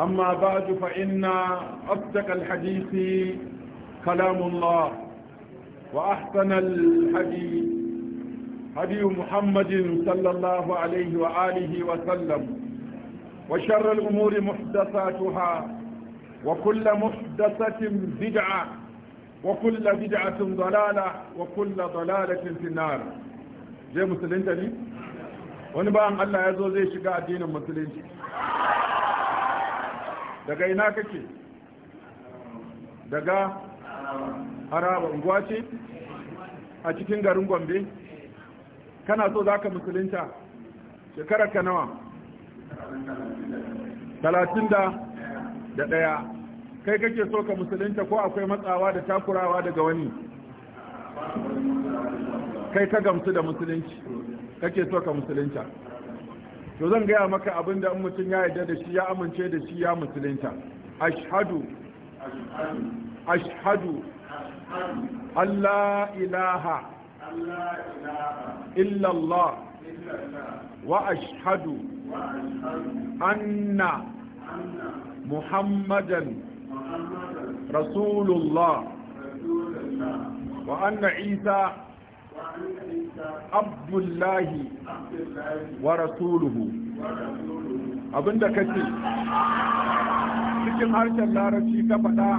أما بعد فإن أصدق الحديث كلام الله وأحسن الحديث حديث محمد صلى الله عليه وآله وسلم وشر الأمور محدثاتها وكل محدثة بدعة وكل بدعة ضلالة وكل ضلالة في النار زي مسلمين تلي ونبقى أن الله يزوزي شقاء دين المسلمين daga ina kake daga haraba unguwa ce a cikin garin gombe kana so za ka musulunta shekarar ka nawa talatin da kai kake so ka musulunta ko akwai matsawa da takurawa daga wani kai ka gamsu da musulunci kake so ka musulunta to zan gaya maka abin da mutum ya yarda da shi ya amince da shi ya musulunta ashhadu ashhadu Allah ilaha illallah wa ashhadu anna muhammadan rasulullah wa anna isa abdullahi wa rasuluhu abinda دكتي cikin harshen larabci ka faɗa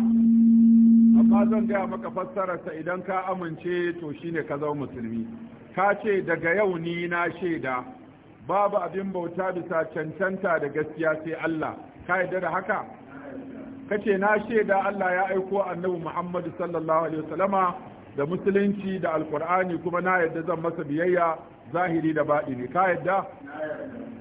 amma zan gaya maka fassararsa idan ka amince to shine ka zama musulmi ka ce daga yau ni na shaida babu abin bauta bisa cancanta da gaskiya sai Allah ka yarda da haka kace na shaida Allah ya aiko annabi Muhammad sallallahu alaihi wasallama da musulunci da alkur'ani kuma na yadda zan masa biyayya zahiri da ne ka yadda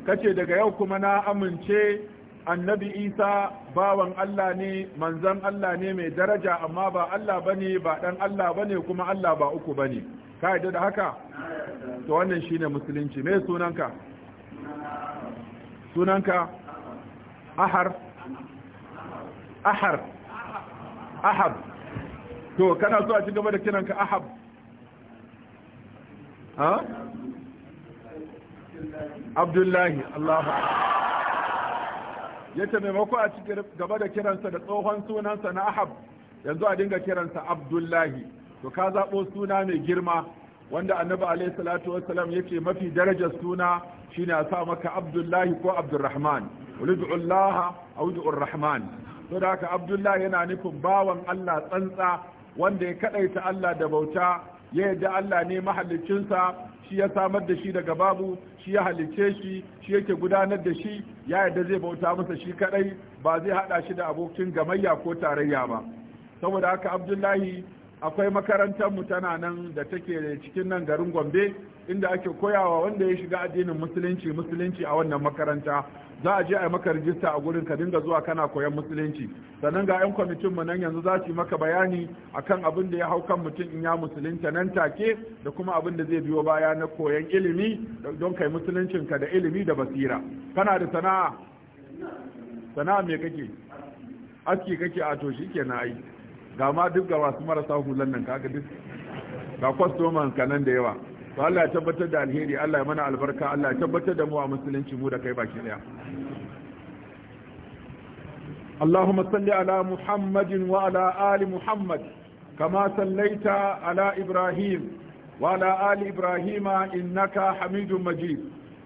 kace daga yau kuma na amince annabi isa bawan allah ne manzan allah ne mai daraja amma ba allah bane ba dan allah bane kuma allah ba uku bane ka yadda da haka to wannan shine musulunci me sunanka sunanka ahar ahar ahar to kana so a ci gaba da ka ahab ha abdullahi allahu ya ce maimako a ci gaba da kiransa da tsohon sunansa na ahab yanzu a dinga kiransa abdullahi to ka zaɓo suna mai girma wanda annabi alaihi salatu wassalam ya ce mafi darajar suna shine a sa maka abdullahi ko abdurrahman ulidullaha audu'ur rahman to da haka abdullahi yana nufin bawan allah tsantsa wanda ya kadaita Allah da bauta ya yadda Allah ne mahallicinsa shi ya samar da shi daga babu shi ya halicce shi shi yake gudanar da shi ya yadda zai bauta masa shi kadai ba zai hada shi da abokin gamayya ko tarayya ba saboda haka Abdullahi akwai makarantar mu tana nan da take cikin nan garin Gombe inda ake koyawa wanda ya shiga addinin musulunci musulunci a wannan makaranta za a je a yi maka rijista a gurin ka dinga zuwa kana koyan musulunci sannan ga 'yan kwamitin mu nan yanzu za su maka bayani akan abin da ya hau kan mutum in ya musulunta nan take da kuma abin da zai biyo baya na koyan ilimi don kai musuluncin ka da ilimi da basira kana da sana'a sana'a me kake aski kake a to shikenan ai ga ma duk ga wasu marasa hulan nan kaga duk ga kwastoman kanan da yawa to Allah ya tabbatar da alheri Allah ya mana albarka Allah ya tabbatar da mu a musulunci mu da kai baki daya اللهم صل على محمد وعلى آل محمد كما صليت على إبراهيم وعلى آل إبراهيم إنك حميد مجيد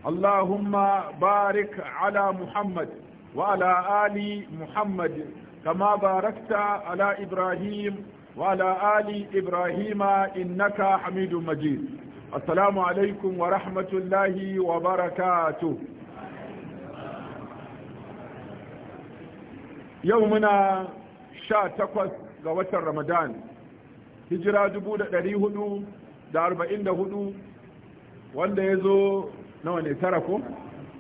اللهم بارك على محمد وعلى آل محمد كما باركت على إبراهيم وعلى آل إبراهيم إنك حميد مجيد السلام عليكم ورحمة الله وبركاته يومنا sha takwas ga watan Ramadan, hijira dubu da ɗari hudu da arba'in da hudu wanda ya zo nawa ne tara ko?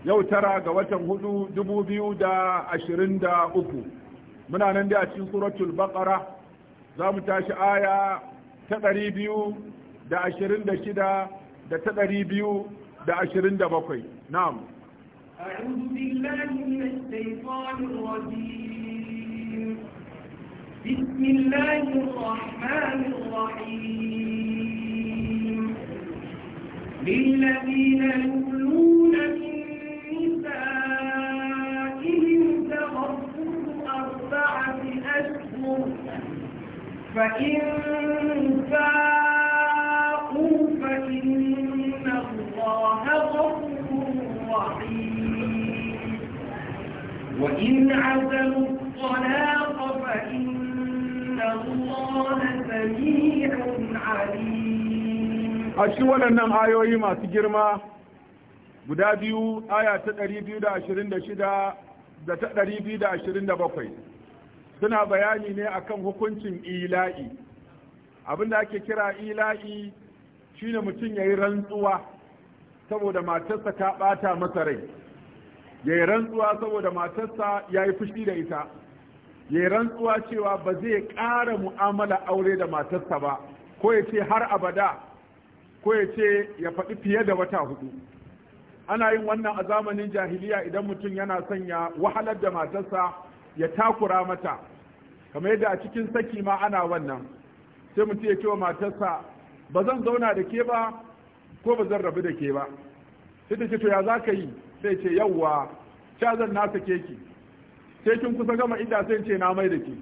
Yau tara ga watan hudu dubu biyu da ashirin da uku. muna nan dai a cikin suratul baqara za mu tashi aya ta ɗari biyu da ashirin da shida da ta ɗari biyu da ashirin da bakwai na'am أعوذ بالله من الشيطان الرجيم بسم الله الرحمن الرحيم للذين يؤلون من فإن فاقوا فإن الله غفور رحيم وإن عزلوا الطلاق فإن الله سميع عليم أشوالا نم آيوي ما تجرما guda biyu aya ta 226 da ta 227 suna bayani ne akan hukuncin ila'i abin da ake kira ila'i shine mutum yayi rantsuwa saboda matarsa ta ɓata masa rai yayi rantsuwa saboda matarsa yayi fushi da ita yayi rantsuwa cewa ba zai ƙara mu'amala aure da matarsa ba ko ya ce har abada ko ya ce ya faɗi fiye da wata hudu ana yin wannan a zamanin jahiliya idan mutum yana son ya wahalar da matarsa ya takura mata kamar yadda a cikin saki ma ana wannan sai mutum ya ce wa matarsa ba zan zauna da ke ba ko ba zan rabu da ke ba sai ta ce to ya za ka yi sai ce yawwa ca zan na sake ki sai kin kusa gama inda sai ce na mai da ke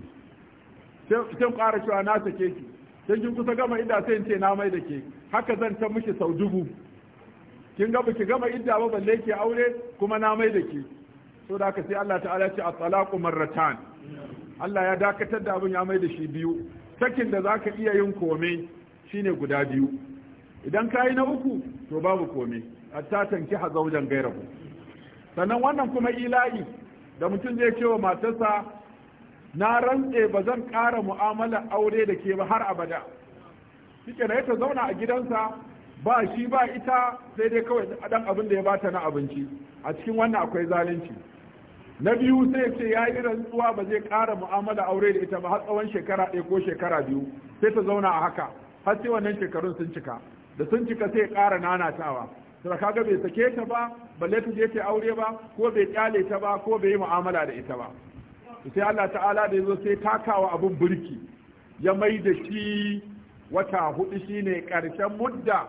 sai ƙara cewa na sake ki sai kin kusa gama inda sai ce na mai da ke haka zan ta miki sau dubu kin ga ki gama inda ba balle ke aure kuma na mai da ke so da haka sai Allah ta'ala ce a talaku marratan Allah ya dakatar da abin ya mai da shi biyu sakin da zaka iya yin kome shine guda biyu idan ka yi na uku to babu kome hatta tanki hazaujan gairahu sannan wannan kuma ila'i da mutum zai wa matarsa na rantse ba zan ƙara mu'amala aure da ke ba har abada shike na ta zauna a gidansa ba shi ba ita sai dai kawai dan abin da ya bata na abinci a cikin wannan akwai zalunci na biyu sai ce ya yi rantsuwa ba zai ƙara mu'amala aure da ita ba har tsawon shekara ɗaya ko shekara biyu sai ta zauna a haka har sai wannan shekarun sun cika da sun cika sai ƙara nanatawa sai kaga bai sake ta ba balle ta je ta aure ba ko bai kyale ta ba ko bai yi mu'amala da ita ba sai Allah ta'ala da yazo sai takawa abun burki ya mai da shi wata hudu shine karshen mudda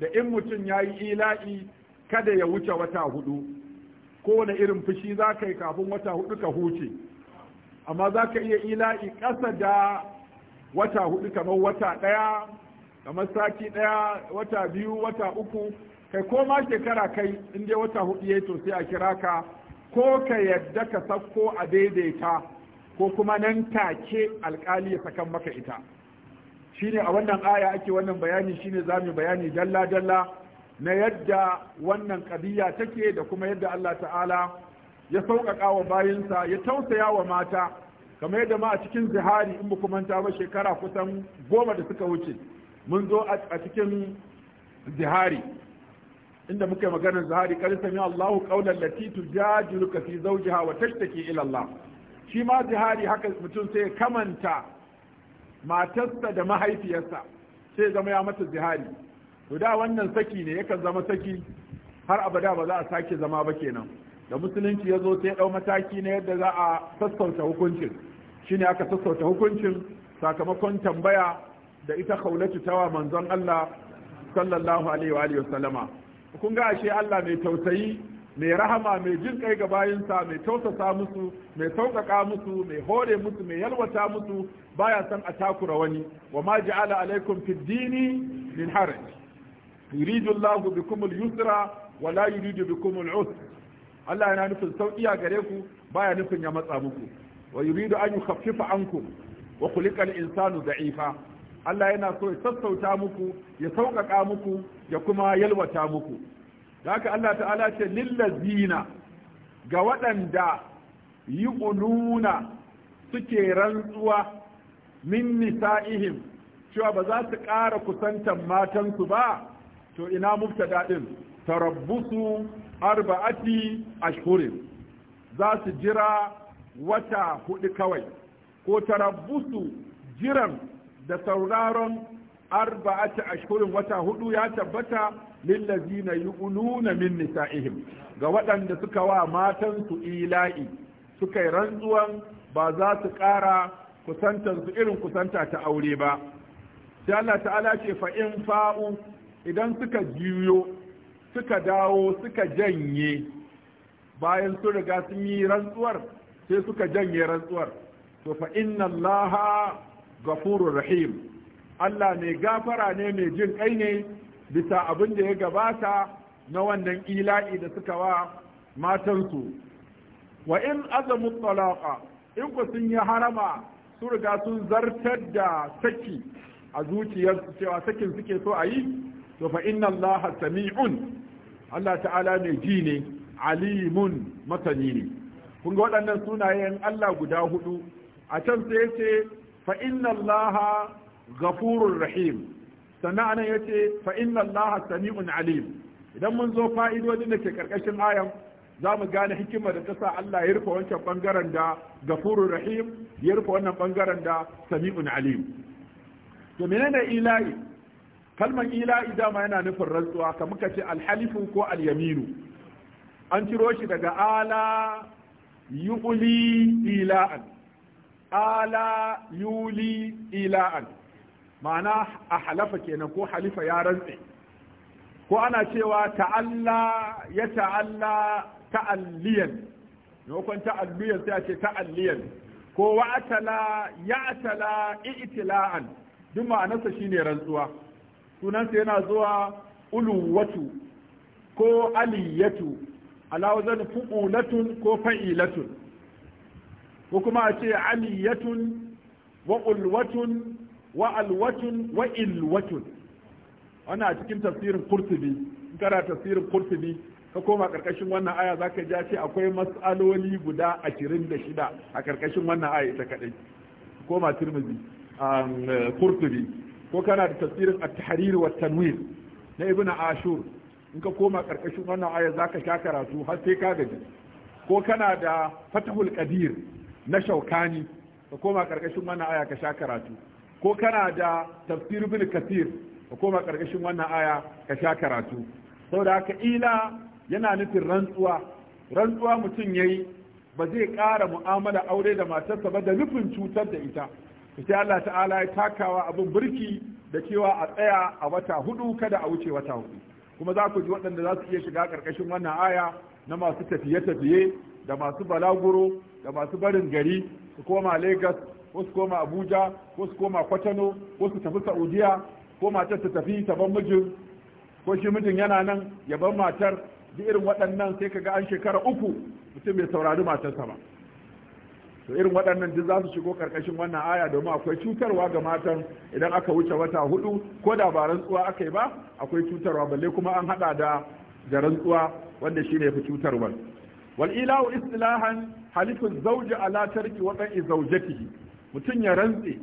da in mutum yayi ila'i kada ya wuce wata hudu kowane irin fushi za ka yi kafin wata hudu ka huce amma za ka iya ila'i ƙasa da wata hudu kamar wata ɗaya kamar sati ɗaya wata biyu wata uku kai ko ma shekara kai in dai wata hudu ya to sai a kira ka ko ka yadda ka sako a daidaita ko kuma nan take alkali ya sakan maka ita shine a wannan aya ake wannan bayani shine zamu bayani dalla dalla na yadda wannan ƙabiya take da kuma yadda Allah ta'ala ya sauƙaƙa wa bayinsa ya tausaya wa mata kamar yadda ma a cikin zihari in muku manta ba shekara kusan goma da suka wuce mun zo a cikin zihari inda muka yi maganar zihari kan sami Allahu qaulan lati tujadiluka fi zawjiha wa tashtaki ila Allah shi ma zihari haka mutum sai kamanta matarsa da mahaifiyarsa sai zama ya mata zihari to da wannan saki ne yakan zama saki har abada ba za a sake zama ba kenan da musulunci ya zo sai ya ɗau mataki na yadda za a sassauta hukuncin shine aka sassauta hukuncin sakamakon tambaya da ita kaulatu tawa manzon Allah sallallahu alaihi wa alihi sallama kun ga ashe Allah mai tausayi mai rahama mai jin kai ga bayinsa mai tausasa musu mai sauƙaƙa musu mai hore musu mai yalwata musu baya san a takura wani wa ma ja'ala alaikum fid dini min haraj Yuridullahu Allahu bikum al-yusra wa la yuridu bikum al Allah yana nufin sauki a gare ku baya nufin ya matsa muku wa yuridu an yukhaffifa ankum wa khuliqa al-insanu da'ifa Allah yana so ya sassauta muku ya sauƙaƙa muku ya kuma yalwata muku da haka Allah ta'ala ce lillazina ga waɗanda yi ununa suke rantsuwa min nisa'ihim cewa ba za su ƙara kusantan matansu ba to ina mubtada din tarabbusu arba'ati ashhurin za su jira wata hudu kawai ko tarabbusu jiran da sauraron arba'ati ashhurin wata hudu ya tabbata lillazina yu'luna min nisa'ihim ga waɗanda suka wa matan su ila'i suka yi rantsuwan ba za su ƙara kusantar su irin kusanta ta aure ba sai Allah ta'ala ce fa in fa'u idan suka juyo suka dawo suka janye bayan sun riga sun yi rantsuwar sai suka janye rantsuwar to fa inna allaha ghafurur rahim Allah ne gafara ne mai jin kai ne bisa abin da ya gabata na wannan ila'i da suka wa matansu wa in azamu talaqa in ku sun yi harama su riga sun zartar da saki a zuciyarsu cewa sakin suke so a yi to fa inna allaha sami'un Allah ta'ala mai ji ne alimun masani ne kun ga waɗannan sunayen Allah guda hudu a can sai yace fa inna allaha rahim sannan anan yace fa inna allaha sami'un alim idan mun zo fa'idodin da ke karkashin ayan za mu gane hikima da ta sa Allah ya rufe wancan bangaren da gafurur rahim ya rufe wannan bangaren da sami'un alim to menene ilahi kalman ila'i dama yana nufin rantsuwa ka muka ce alhalifu ko alyaminu an ciro shi daga ala yuli ila'an ala yuli ila'an ma'ana a halafa kenan ko halifa ya rantse ko ana cewa ta'alla ya ta'alla ta'alliyan maimakon ta'alliyan sai a ce ta'alliyan ko wa'atala ya'tala i'tila'an duk ma'anarsa shine rantsuwa sunansa yana zuwa uluwatu ko aliyatu ala wazan fu'ulatun ko fa'ilatun ko kuma a ce aliyatun wa ulwatun wa alwatun wa ilwatun wannan cikin tafsirin qurtubi in kana tafsirin qurtubi ka koma karkashin wannan aya zaka ji ce akwai mas'aloli guda 26 a karkashin wannan aya ita kadai koma tirmidhi um, qurtubi ko kana da tafsirin at-tahrir wa tanwir na ibn ashur in ka koma karkashin wannan aya zaka sha karatu har sai ka gaji ko kana da fatahul qadir na shaukani ka koma karkashin wannan aya ka sha karatu ko kana da tafsir ibn kathir ka koma karkashin wannan aya ka sha karatu saboda haka ila yana nufin rantsuwa rantsuwa mutum yayi ba zai ƙara mu'amala aure da matarsa ba da nufin cutar da ita sai Allah ta'ala ya takawa abin birki da cewa a tsaya a wata hudu kada a wuce wata hudu kuma za ku ji waɗanda za su iya shiga ƙarƙashin wannan aya na masu tafiye-tafiye da masu balaguro da masu barin gari su koma lagos ko su koma Abuja ko su koma Kwatano ko su tafi Saudiya ko matar ta tafi ta ban mijin ko shi mijin yana nan ya ban matar duk irin waɗannan sai ga an shekara uku mutum bai saurari matarsa ba to irin waɗannan duk za su shigo karkashin wannan aya domin akwai cutarwa ga matan idan aka wuce wata hudu ko da ba rantsuwa aka yi ba akwai cutarwa balle kuma an haɗa da da rantsuwa wanda shine fi cutarwar wal ilahu istilahan halifu zawji ala tarki wa zauje zawjatihi mutun ya rantse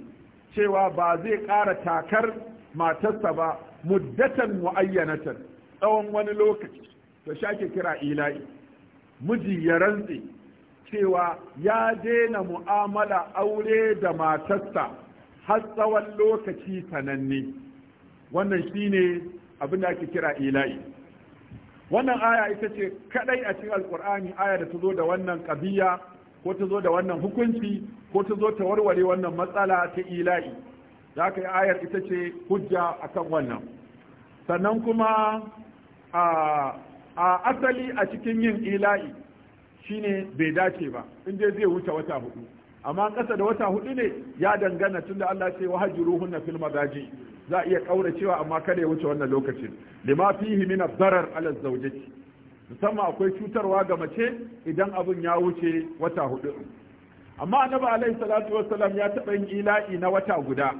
cewa ba zai ƙara takar matarsa ba muddatan muayyanatan tsawon wani lokaci to shake kira ila'i miji ya rantse cewa ya daina mu'amala aure da matarsa har tsawon lokaci sananne wannan shine abin da ake kira ila'i wannan aya ita ce kadai a cikin alkur'ani aya da ta zo da wannan kabiya ko ta zo da wannan hukunci ko ta zo ta warware wannan matsala ta ila'i Za ka yi ayar ita ce hujja a kan wannan sannan kuma a asali a cikin yin ila'i shine bai dace ba in dai zai wuce wata hudu amma ƙasa da wata hudu ne ya dangana tunda Allah ce na fil madaji za a iya cewa amma kada ya wuce wannan lokacin lima fihi min ad ala zawjati musamman akwai cutarwa ga mace idan abun ya wuce wata hudu amma annabi alaihi salatu wassalam ya taɓa yin ila'i na wata guda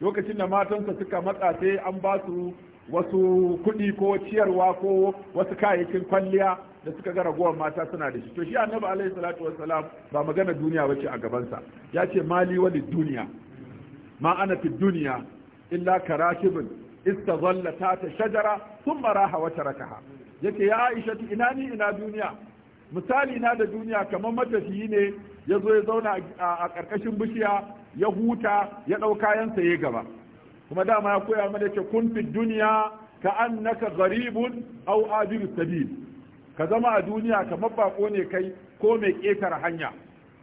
lokacin da matansa suka matsa sai an ba su wasu kuɗi ko ciyarwa ko wasu kayayyakin kwalliya da suka ga ragowar mata suna da shi to shi annabi alaihi salatu wassalam ba magana duniya bace a gabansa ya ce mali wali duniya ma ana fi duniya illa karakibin istazalla ta ta shajara sun maraha wata rakaha yake ya aisha ina ni ina duniya misali na da duniya kamar matafiyi ne ya zo ya zauna a ƙarƙashin bishiya ya huta ya ɗau kayansa ya gaba kuma dama ya koya mana ce kun fi duniya ka annaka garibun au abiru sabil ka zama a duniya kamar mabako ne kai ko mai ƙetare hanya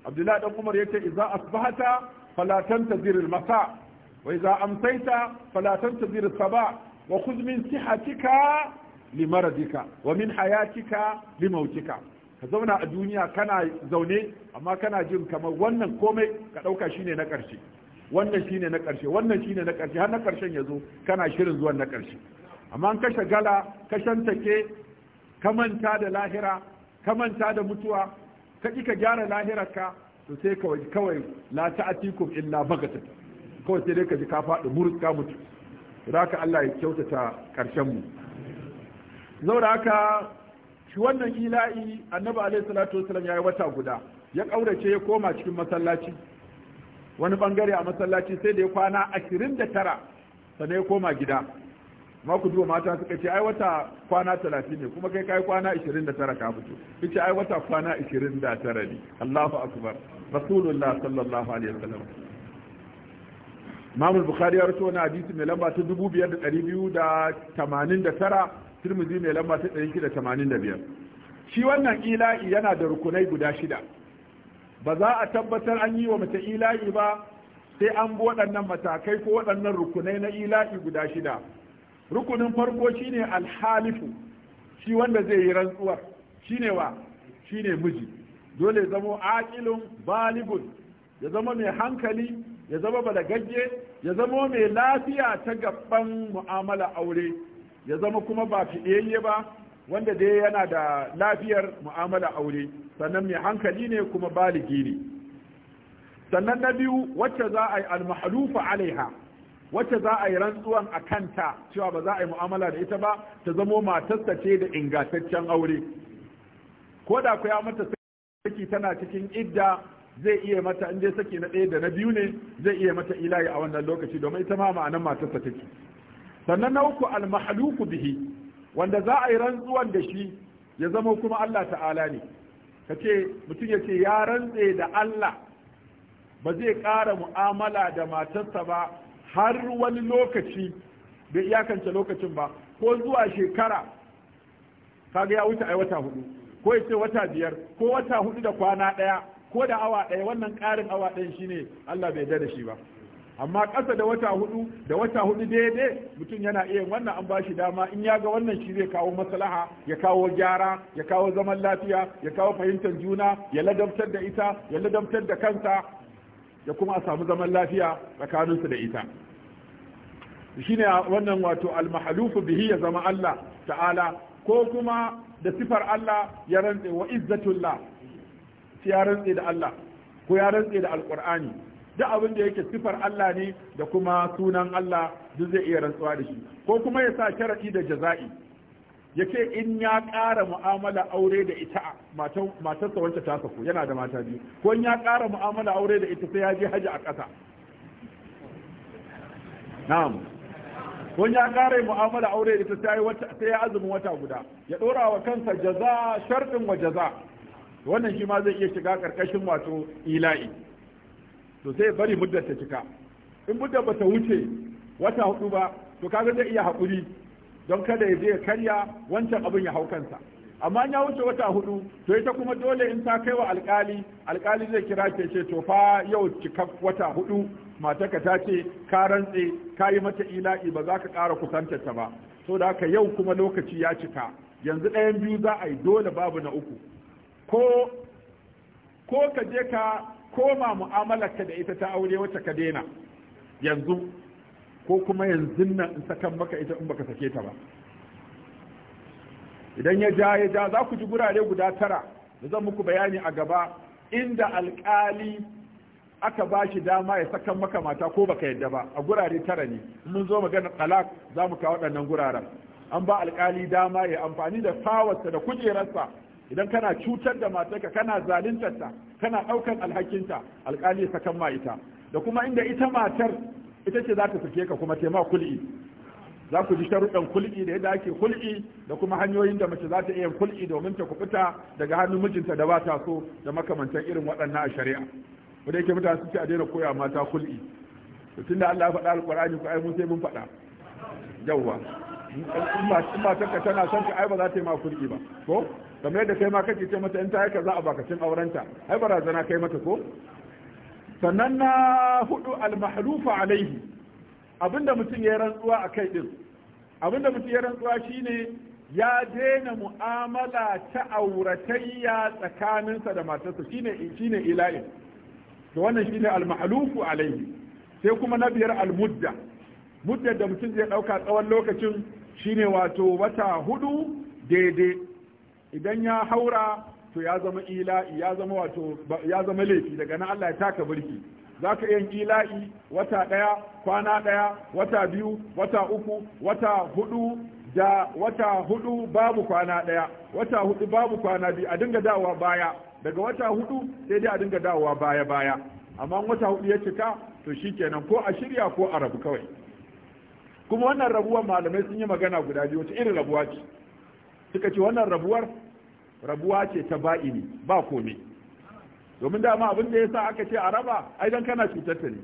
abdullahi dan umar yace idza asbahata fala tantazir al-masa wa idza amsayta fala tantazir as wa khudh min sihatika limaradika wa min hayatika limautika ka zauna a duniya kana zaune amma kana jin kamar wannan komai ka dauka shine na ƙarshe wannan shine na ƙarshe wannan shine na ƙarshe har na ƙarshen ya zo kana shirin zuwan na ƙarshe amma an kashe gala ka shantake ka manta da lahira ka manta da mutuwa ka ka gyara lahirarka to sai kawai kawai la ta'atikum illa bagata kawai sai dai ka ji ka faɗi murka mutu ka Allah ya kyautata karshen mu da haka shi wannan ila'i annabi alaihi salatu wasallam yayi wata guda ya kaurace ya koma cikin masallaci wani bangare a masallaci sai da ya kwana 29 sannan ya koma gida ma ku duba mata suka ce ai wata kwana 30 ne kuma kai kai kwana 29 ka fito kace ai wata kwana 29 ne Allahu akbar rasulullah sallallahu alaihi wasallam Imam al-Bukhari ya rawaito hadisi mai lamba ta 2289 Tirmidhi mai lamba ta 1685 shi wannan ila'i yana da rukunai guda shida ba za a tabbatar an yi wa mace ila'i ba sai an bi waɗannan matakai ko waɗannan rukunai na ila'i guda shida rukunin farko shine alhalifu shi wanda zai yi rantsuwar shine wa shine miji dole ya zama aqilun baligun ya zama mai hankali ya zama balagagge ya zama mai lafiya ta gaban mu'amala aure ya zama kuma ba fidiyayye ba wanda dai yana da lafiyar mu'amala aure sannan mai hankali ne kuma baligi ne sannan na biyu wacce za a yi almahalufa alaiha wacce za a yi rantsuwan a kanta cewa ba za a yi mu'amala da ita ba ta zamo matarsa ce da ingantaccen aure ko da ku ya mata saki tana cikin idda zai iya mata in dai saki na ɗaya da na biyu ne zai iya mata ilahi a wannan lokaci domin ita ma ma'anan matarsa take sannan na uku almahluku bihi wanda za a yi rantsuwan da shi ya zama kuma Allah ta'ala ne ka ce mutum ya ce ya rantse da Allah ba zai ƙara mu'amala da matarsa ba har wani lokaci bai iyakance lokacin ba ko zuwa shekara kaga ya wuce ai wata hudu ko ya ce wata biyar ko wata hudu da kwana daya ko da awa daya wannan karin awa ɗayan shine Allah bai da da shi ba amma ƙasa da wata hudu da wata hudu daidai mutum yana iya wannan an bashi dama in ya ga wannan shi zai kawo maslaha ya kawo gyara ya kawo zaman lafiya ya kawo fahimtar juna ya ladabtar da ita ya ladabtar da kansa ya kuma a samu zaman lafiya tsakaninsu da ita shine wannan wato almahalufu bihi ya zama Allah ta'ala ko kuma da sifar Allah ya rantse wa izzatullah ya rantse da Allah ko ya rantse da alqur'ani duk abin da yake sifar Allah ne da kuma sunan Allah duk zai iya rantsuwa da shi ko kuma ya sa sharadi da jaza'i ya ce in ya ƙara mu'amala aure da ita matarsa wacce ta saku yana da mata biyu ko in ya ƙara mu'amala aure da ita sai ya je haji a ƙasa na'am ko in ya ƙara mu'amala aure da ita sai ya azumin wata guda ya ɗora wa kansa jaza sharɗin wa jaza wannan shi ma zai iya shiga ƙarƙashin wato ila'i to sai bari muddar ta cika in muddar ba ta wuce wata hudu ba to kaga zai iya haƙuri don kada ya je ya karya wancan abin ya hau kansa amma ya wuce wata hudu to ita kuma dole in ta kai wa alkali alkali zai kira ke ce to fa yau cika wata hudu mataka ta ce ka rantse ka yi mata ila'i ba za ka ƙara kusantar ta ba so da haka yau kuma lokaci ya cika yanzu ɗayan biyu za a yi dole babu na uku ko ko ka je ka koma mu'amalarka da ita ta aure wacce ka daina yanzu ko kuma yanzu nan in sakan maka ita in baka sake ta ba idan ya ja ya ja za ku ji gurare guda tara da zan muku bayani a gaba inda alkali aka ba shi dama ya sakan maka mata ko baka yadda ba a gurare tara ne mun zo magana talak za mu kawo waɗannan guraren an ba alkali dama ya amfani da fawarsa da kujerarsa idan kana cutar da matarka kana zaluntarta kana ɗaukan alhakinta alkali ya sakan ma ita da kuma inda ita matar ita ce za ta sake ka kuma tema kul'i za ku ji sharuɗan kul'i da yadda ake kul'i da kuma hanyoyin da mace za ta iya kul'i domin ta kubuta daga hannun mijinta da ba ta so da makamantan irin waɗannan a shari'a da yake mutane suke a daina koya mata kul'i to da Allah ya faɗa alƙur'ani ku ai mun sai mun faɗa yawwa in ba ta tana son ka ai ba za ta yi ma kul'i ba ko kamar yadda kai ma kake ce mata in ta yi za a bakacin aurenta ai barazana kai mata ko sannan na hudu almahlufa alaihi abinda mutum ya rantsuwa a kai din abinda mutum ya rantsuwa shine ya daina mu'amala ta auratayya tsakaninsa da matarsa shine shine ila'in to wannan shine almahalufu alaihi sai kuma na biyar almudda mudda da mutum zai dauka tsawon lokacin shine wato wata hudu daidai idan ya haura to ya zama ila'i ya zama wato ya zama laifi daga nan Allah ya taka birki za ka yin ila'i wata ɗaya kwana ɗaya wata biyu wata uku wata hudu da wata hudu babu kwana ɗaya wata hudu babu kwana biyu a dinga dawowa baya daga wata hudu sai dai a dinga dawowa baya baya amma wata hudu ya cika to shikenan ko a shirya ko a rabu kawai kuma wannan rabuwar malamai sun yi magana guda biyu wata irin rabuwa ce suka ce wannan rabuwar rabuwa ce ta ba'ini ba komai domin dama abin da ya sa aka ce a raba ai dan kana cutar ta ne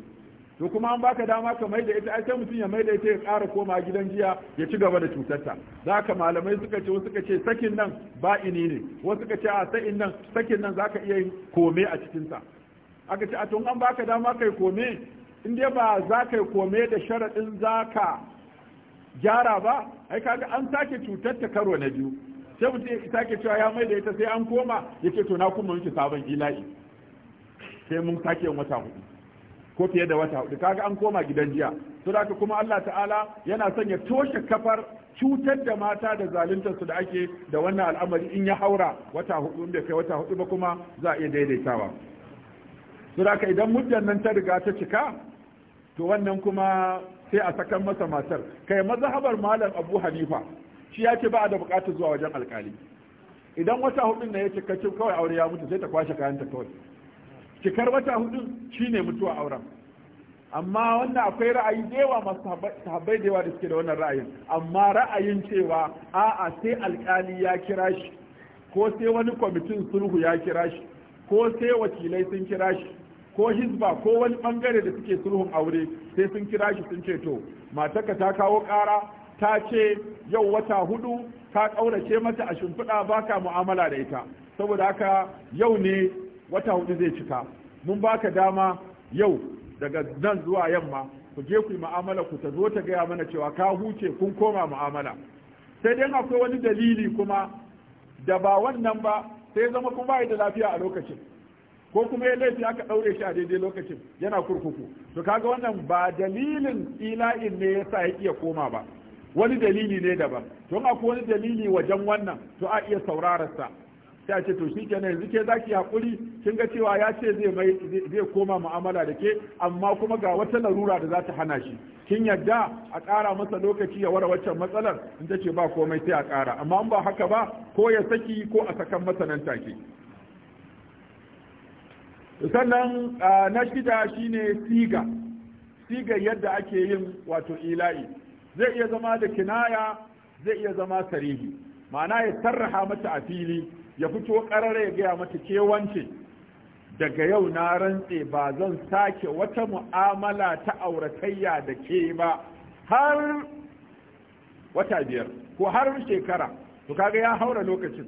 to kuma an baka dama ka mai da ita ai sai mutum ya mai da ita ya kara koma gidan jiya ya ci gaba da cutar ta zaka malamai suka ce wasu suka ce sakin nan ba'ini ne wasu suka ce a sa'in nan sakin nan zaka iya yin kome a cikin sa aka ce a tun an baka dama kai kome in dai ba za ka yi kome da sharaɗin za ka gyara ba ai kaga an sake cutar ta karo na biyu sai mutum ya sake cewa ya mai da ita sai an koma ya ce to na kuma miki sabon ila'i sai mun sake yin wata hudu ko fiye da wata hudu kaga an koma gidan jiya to da kuma Allah ta'ala yana son ya toshe kafar cutar da mata da zaluntar su da ake da wannan al'amari in ya haura wata hudu da kai wata hudu ba kuma za a iya daidaitawa to da idan muddan nan ta riga ta cika to wannan kuma sai a sakan masa matar kai mazhabar malam Abu Hanifa shi ya ce ba a da bukatar zuwa wajen alkali idan wata hudun na ya ce kawai aure ya mutu sai ta kwashe kayanta kawai cikar wata hudun shine mutuwa auren amma wannan akwai ra'ayi da yawa masu tabbai da yawa da suke da wannan ra'ayin amma ra'ayin cewa a'a sai alkali ya kira shi ko sai wani kwamitin sulhu ya kira shi ko sai wakilai sun kira shi ko Hisba ko wani bangare da suke sulhun aure sai sun kira shi sun ce to matarka ta kawo kara ta ce yau wata hudu ka ƙaurace mata a shimfiɗa baka mu'amala da ita saboda haka yau ne wata hudu zai cika mun baka dama yau daga nan zuwa yamma ku je ku yi mu'amala ku ta zo ta gaya mana cewa ka huce kun koma mu'amala sai dai akwai wani dalili kuma da ba wannan ba sai zama kuma ba da lafiya a lokacin ko kuma ya laifi aka ɗaure shi a daidai lokacin yana kurkuku to kaga wannan ba dalilin ila'in ne yasa ya iya koma ba wani dalili ne daban to in akwai wani dalili wajen wannan to a iya saurararsa sai ce to shi kenan yanzu ke za ki haƙuri kin ga cewa ya ce zai mai zai koma mu'amala da ke amma kuma ga wata larura da za ta hana shi kin yadda a ƙara masa lokaci ya wara waccan matsalar in ta ce ba komai sai a ƙara amma in ba haka ba ko ya saki ko a sakan masa nan take sannan ah, na shida shine siga siga yadda ake yin wato ila'i zai iya zama da kinaya zai iya zama sarihi ma'ana ya tarraha mata a fili ya fito karara ya gaya mata ke daga yau na rantse ba zan sake wata mu'amala ta auratayya da ke ba har wata biyar ko har shekara to kaga ya haura lokacin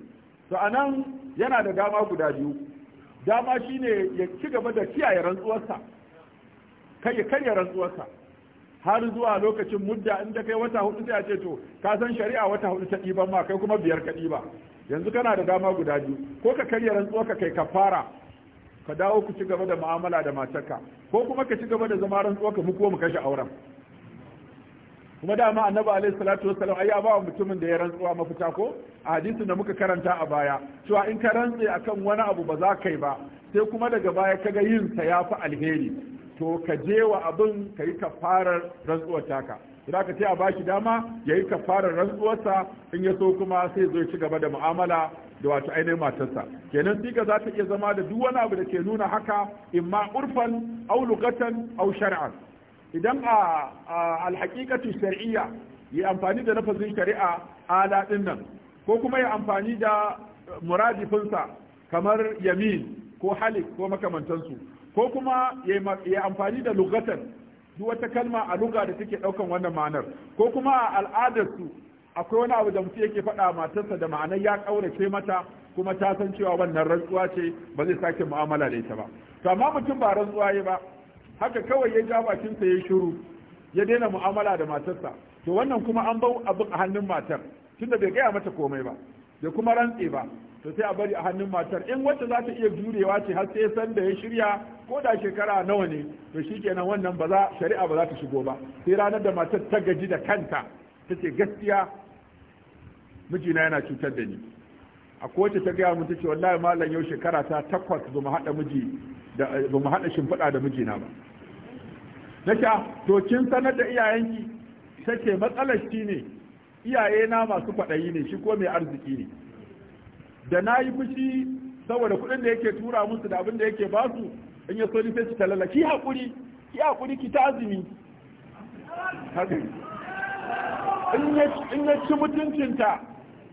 to nan yana da dama guda biyu dama shine ya ci gaba da kiyaye rantsuwarsa kai ya karya rantsuwarsa har zuwa lokacin mudda inda kai wata hudu sai a ce to ka san shari'a wata hudu ta ɗiban ma kai kuma biyar ka ɗiba yanzu kana da dama guda biyu ko ka karya rantsuwa ka kai kafara ka dawo ku ci gaba da mu'amala da matarka ko kuma ka ci gaba da zama rantsuwa ka mu ko mu kashe auren kuma dama annabi alaihi salatu wassalam ya ba mutumin da ya rantsuwa mafita ko a hadisin da muka karanta a baya cewa in ka rantse akan wani abu ba za ka yi ba sai kuma daga baya kaga yin sa yafi alheri to ka je wa abin ka yi kafarar rantsuwar taka idan ka ce a bashi dama ya yi kafarar rantsuwarsa in ya so kuma sai zo ci gaba da mu'amala da wato ainihin matarsa kenan sika za ta iya zama da duk wani abu da ke nuna haka in ma urfan au lugatan au shar'an idan a alhaqiqatu shar'iyya yi amfani da lafazin shari'a ala din nan ko kuma ya amfani da muradifinsa kamar yamin ko halik ko makamantansu ko kuma ya amfani da lugatar, duk wata kalma a luga da take daukan wannan ma'anar ko kuma a al'adarsu akwai wani abu da mutum yake faɗa matarsa da ma'anar ya ƙaurace mata kuma ta san cewa wannan rantsuwa ce ba zai sake mu'amala da ita ba to amma mutum ba rantsuwa yi ba haka kawai ya ja bakinsa ya shiru ya daina mu'amala da matarsa to wannan kuma an bau abin a hannun matar tunda bai gaya mata komai ba bai kuma rantse ba to sai a bari a hannun matar in wacce za ta iya jurewa ce har sai san da ya shirya ko da shekara nawa ne to shi kenan wannan ba za shari'a ba za ta shigo ba sai ranar da matar ta gaji da kanta ta ce gaskiya mijina yana cutar da ni a kowace ta gaya mun ta ce wallahi malam yau shekara ta takwas ba mu haɗa miji da ba mu haɗa shimfiɗa da mijina ba na sha ah, to kin sanar da iyayenki ta ce matsalar shi ne iyaye na masu kwaɗayi ne shi ko mai arziki ne da na yi fushi saboda kuɗin da yake tura musu da abin da yake su, in ya so sai su talala ki haƙuri ki haƙuri ki ta azumi in ya ci mutuncinta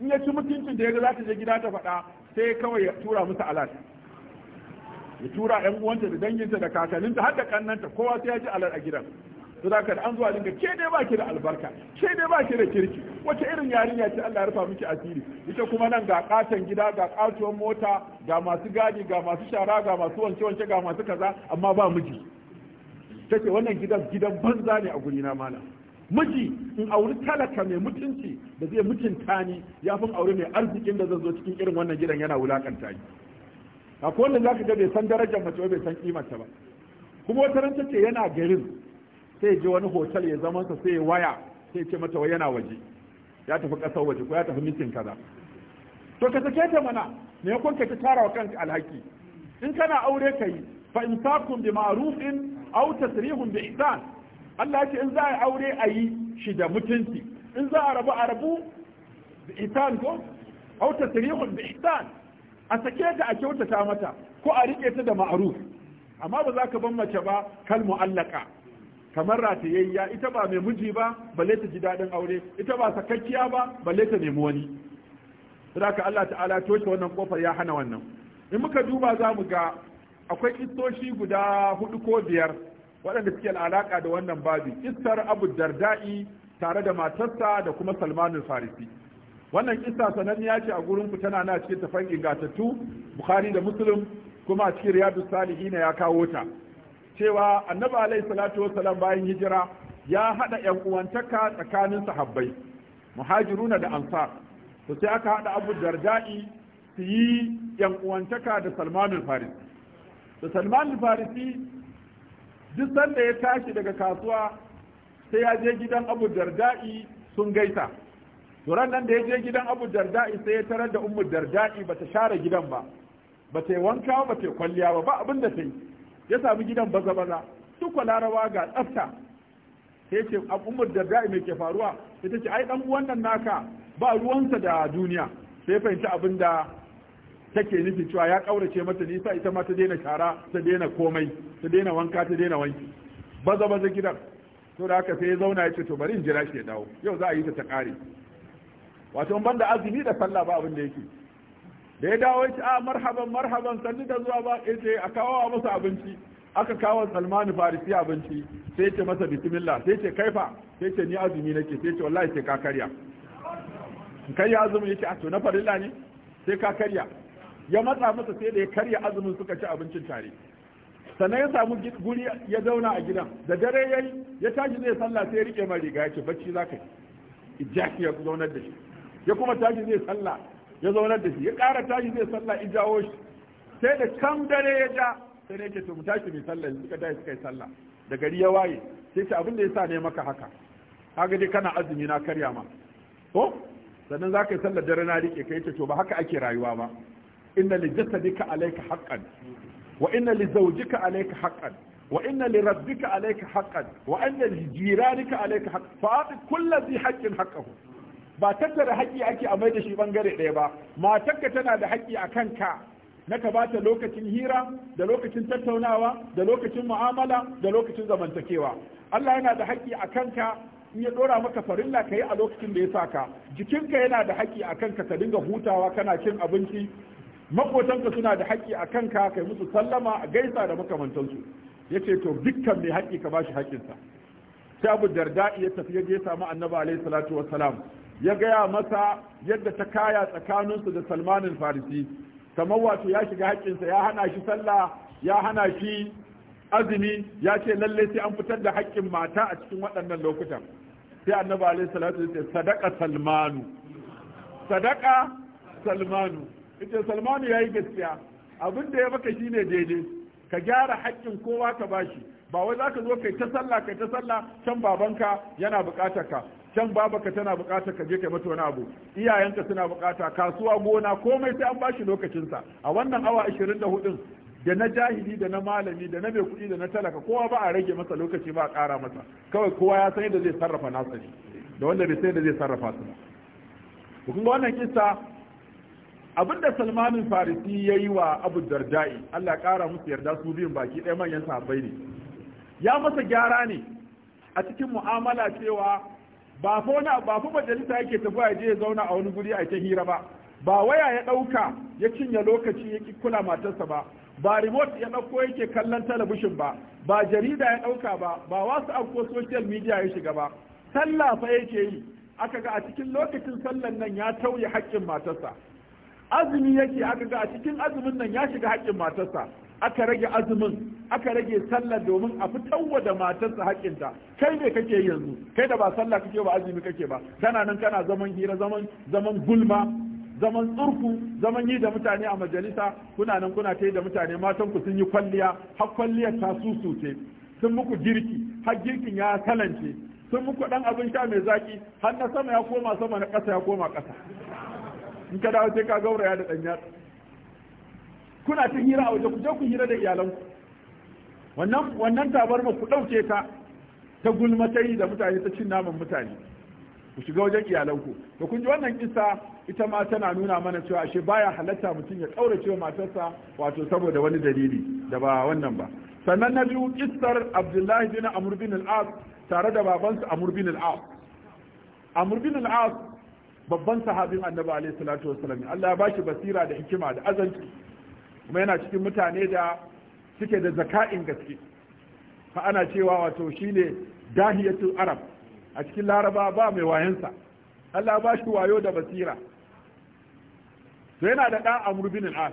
in ya ci mutuncinta ya ga za ta je gida ta faɗa sai kawai ya tura musu alat ya tura 'yan uwanta da danginta da kakanninta har da kannanta kowa sai ya ji alal a gidan zaka da an zuwa dinga ke dai baki da albarka ke dai baki da kirki wace irin yarinya ce Allah ya rufa miki asiri ita kuma nan ga katan gida ga katuwan mota ga masu gadi ga masu shara ga masu wanke wanke ga masu kaza amma ba miji take wannan gidan gidan banza ne a guri na malam miji in auri talaka mai mutunci da zai mutunta ni ya fi aure mai arzikin da zan zo cikin irin wannan gidan yana wulakanta ni akwai wanda zaka ga bai san darajar mace bai san kimarta ba kuma wata ran ce yana garin sai je wani hotel ya zama sa sai waya sai ce mata yana waje ya tafi kasar waje ko ya tafi mitin kaza to ka sake ta mana me kun ka tara wa kanka alhaki in kana aure kai fa imsakun bi ma'rufin aw tasrihun bi ihsan Allah ce in za a aure ayi shi da mutunci in za a rabu a rabu bi ihsan ko aw tasrihun bi ihsan a sake ta a kyautata mata ko a rike ta da ma'ruf amma ba za ka ban mace ba kal mu'allaka kamar ratayayya ita ba mai miji ba balle ta ji daɗin aure ita ba sakakkiya ba balle ta nemi wani saboda Allah ta'ala toshe wannan kofar ya hana wannan in muka duba za mu ga akwai istoshi guda hudu ko biyar waɗanda suke alaka da wannan babi istar abu darda'i tare da matarsa da kuma salmanul farisi wannan kissa ya ce a gurin ku tana na cikin tafan ingatattu bukhari da muslim kuma a cikin riyadu salihina ya kawo ta cewa annabi alaihi salatu wassalam bayan hijira ya hada yan uwantaka tsakanin sahabbai muhajiruna da ansar to sai aka hada abu darda'i su yi yan uwantaka da salman farisi da salman farisi duk sanda ya tashi daga kasuwa sai ya je gidan abu darda'i sun gaita turan nan da ya je gidan abu darda'i sai ya tarar da ummu darda'i bata share gidan ba bata yi wanka ba bata yi kwalliya ba ba abin da ta yi ya sami gidan baza baza duka larawa ga tsafta sai ce al'ummar da da'i mai ke faruwa ita ce ai dan uwan nan naka ba ruwansa da duniya sai fahimci abin da take nufi cewa ya kaurace mata nisa ita ma ta daina shara ta daina komai ta daina wanka ta daina wanki baza baza gidan to da haka sai ya zauna ya ce to bari in jira shi ya dawo yau za a yi ta ta kare wato ban da azumi da sallah ba abin da yake da ya dawo ya ce a ah, marhaban marhaban sannu da zuwa ba ya ce a kawo masa abinci aka kawo salmanu farisi abinci sai ce masa bismillah sai ce kaifa sai ce ni azumi nake sai ce wallahi sai ka karya kai ya azumi yake a ah, to na farilla ne sai ka karya ya matsa masa sai da ya karya azumin suka ci abincin tare sannan ya samu guri ya zauna a gidan da dare yayi ya tashi zai sallah sai ya rike mai riga ya ce bacci zaka yi ijaki ya zaunar da shi ya kuma tashi zai sallah ya zaunar da shi ya ƙara tashi zai sallah in jawo shi sai da kam dare ya ja sai ne yake to mu tashi mai sallah suka tashi suka yi sallah da gari ya waye sai ce abin da ya sa ne maka haka haka dai kana azumi na karya ma ko sannan za ka yi sallar dare na riƙe ka yace to ba haka ake rayuwa ba inna li jasadika alayka haqqan wa inna li zawjika alayka haqqan wa inna li rabbika alayka haqqan wa inna li jiranika alayka haqqan fa ati kulli dhi haqqin haqqahu ba tattara haƙƙi ake a mai da shi bangare ɗaya ba matarka tana da haƙƙi a kanka na ka ba ta lokacin hira da lokacin tattaunawa da lokacin mu'amala da lokacin zamantakewa Allah yana da haƙƙi a kanka in ya ɗora maka farilla ka yi a lokacin da ya sa ka jikinka yana da haƙƙi a kanka ka dinga hutawa kana cin abinci maƙotanka suna da haƙƙi a kanka kai musu sallama a gaisa da makamantansu ya ce to dukkan mai haƙƙi ka ba shi haƙƙinsa sai abu darda ya tafi ya je samu annabi alaihi salatu wassalam ya gaya masa yadda ta kaya tsakaninsu da salmanin farisi kamar wato ya shiga haƙƙinsa ya hana shi sallah ya hana shi azumi ya ce lalle sai an fitar da haƙƙin mata a cikin waɗannan lokutan sai annabi alayhi salatu ce sadaka salmanu sadaka salmanu ita salmanu yayi gaskiya abin da ya maka shine daidai ka gyara haƙƙin kowa ka bashi ba wai zaka zo kai ta sallah kai ta sallah can babanka yana buƙatar ka can babaka tana bukatar ka je kai mata wani abu iyayenka suna bukata kasuwa gona komai sai an bashi lokacinsa a wannan awa 24 din da na jahili da na malami da na mai kuɗi da na talaka kowa ba a rage masa lokaci ba a ƙara masa kawai kowa ya san yadda zai sarrafa nasa ne da wanda bai san yadda zai sarrafa su ba ku ga wannan kisa abinda salmanin farisi ya yi wa abu darda'i allah ƙara musu yarda su biyun baki ɗaya manyan sahabbai ne ya masa gyara ne a cikin mu'amala cewa ba fa wani ba fa majalisa yake tafiya je ya zauna a wani guri a ta hira ba ba waya ya dauka ya cinye lokaci ya kula matarsa ba ba remote ya dauko yake kallon talabishin ba ba jarida ya dauka ba ba wasu ko social media ya shiga ba sallah fa yake yi aka ga a cikin lokacin sallan nan ya tauye haƙƙin matarsa azumi yake aka ga a cikin azumin nan ya shiga haƙƙin matarsa aka rage azumin aka rage sallar domin a fitarwa da matarsa haƙinta kai ne kake yanzu kai da ba sallah kake ba azumi kake ba kana nan kana zaman hira zaman zaman gulma zaman tsurku zaman yi da mutane a majalisa kuna nan kuna kai da mutane matan ku sun yi kwalliya har kwalliyar ta susuce sun muku girki har girkin ya salance sun muku dan abin sha mai zaki har na sama ya koma sama na ƙasa ya koma ƙasa in ka dawo sai ka gauraya da ɗanyar kuna ta hira a waje ku je ku hira da iyalanku wannan wannan tabarma ku ɗauke ta ta gulmatai da mutane ta cin naman mutane ku shiga wajen iyalanku to kun ji wannan kisa ita ma tana nuna mana cewa ashe baya halatta mutum ya kaurace wa matarsa wato saboda wani dalili da ba wannan ba sannan na biyu kissar abdullahi bin amr bin al-as tare da babansa amr bin al-as amr bin al-as babban sahabin annabi alaihi salatu wasallam Allah ya bashi basira da hikima da azanci kuma yana cikin mutane da suke da zaka'in gaske fa ana cewa wato shine dahiyatul arab a cikin laraba ba mai wayansa Allah ba shi wayo da basira to yana da ɗan amrubin al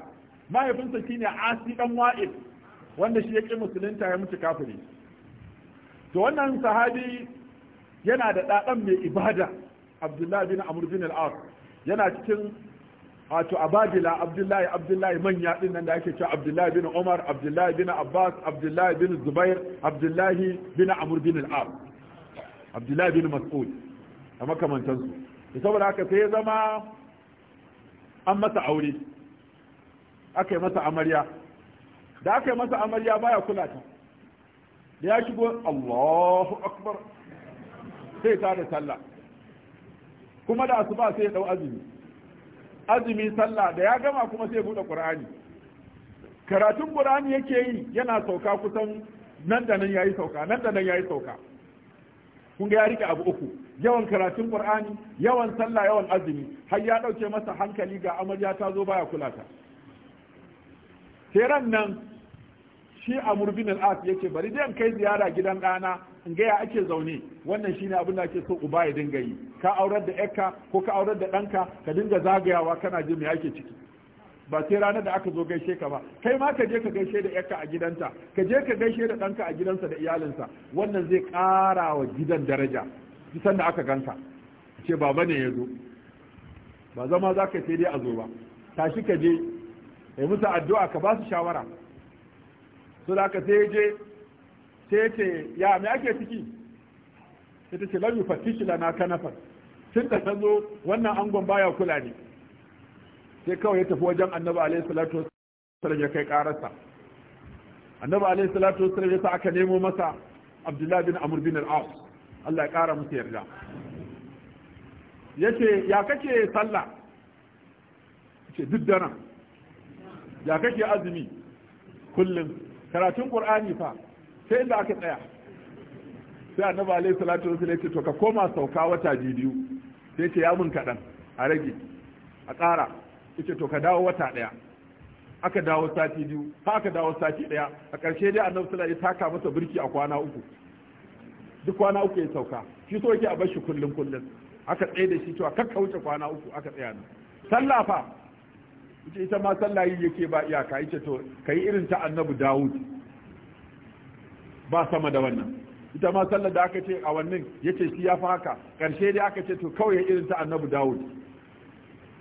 mahaifinsa shine asi dan wa'il wanda shi yake musulunta ya mutu kafiri to wannan sahabi yana da ɗaɗan mai ibada abdullahi bin amrubin al yana cikin wato abadila abdullahi abdullahi manya din nan da ake cewa abdullahi bin umar abdullahi bin abbas abdullahi bin zubair abdullahi bin amr bin al-ab abdullahi bin mas'ud a makamantansu da saboda haka sai ya zama an masa aure aka yi masa amarya da aka yi masa amarya baya kula ta da ya shigo Allahu akbar sai ta da sallah kuma da asuba sai ya dau azumi azumi sallah da ya gama kuma sai bude qur'ani karatun qur'ani yake yi yana sauka kusan nan da nan yayi sauka nan da nan yayi sauka kun ga ya rike abu uku yawan karatun qur'ani yawan sallah yawan azumi har ya dauke masa hankali ga amarya ta zo baya kula ta sai ran nan shi a bin al-as yace bari zan kai ziyara gidan dana. in ga ake zaune wannan shine abin da ake so uba ya dinga yi ka aurar da yarka ko ka aurar da ɗanka ka dinga zagayawa kana jin me ake ciki ba sai ranar da aka zo gaishe ka ba kai ma ka je ka gaishe da yarka a gidanta ka je ka gaishe da ɗanka a gidansa da iyalinsa wannan zai ƙara wa gidan daraja kisan da aka ganka ce baba ne ya zo ba zama za ka sai dai a zo ba tashi ka je ya musu addu'a ka ba su shawara su da aka sai je sai ce ya me ake ciki sai ta ce lam yufattish lana kanafan tun da ta zo wannan angon baya kula ne sai kawai ya tafi wajen annabi alayhi salatu wasallam ya kai karasa annabi alayhi salatu wasallam ya sa aka nemo masa abdullahi bin amr bin al Allah ya kara musu yarda yace ya kake sallah yace duk ya kake azumi kullum karatun qur'ani fa sai inda aka tsaya sai annabi alaihi salatu wasallam ya ce to ka koma sauka wata biyu sai ce ya mun kaɗan a rage a tsara. ita to ka dawo wata ɗaya aka dawo sati biyu ha aka dawo sati ɗaya a ƙarshe dai annabi sallallahu alaihi taka masa birki a kwana uku duk kwana uku ya sauka shi so yake a bar shi kullun kullun aka tsaye da shi cewa kakka wuce kwana uku aka tsaya nan sallah fa ita ita ma sallah yake ba iyaka ita to kai irin ta annabi Dawud ba sama da wannan ita ma sallar da aka ce a wannan yace shi ya fi haka karshe dai aka ce to kawai ya irin ta annabi Dawud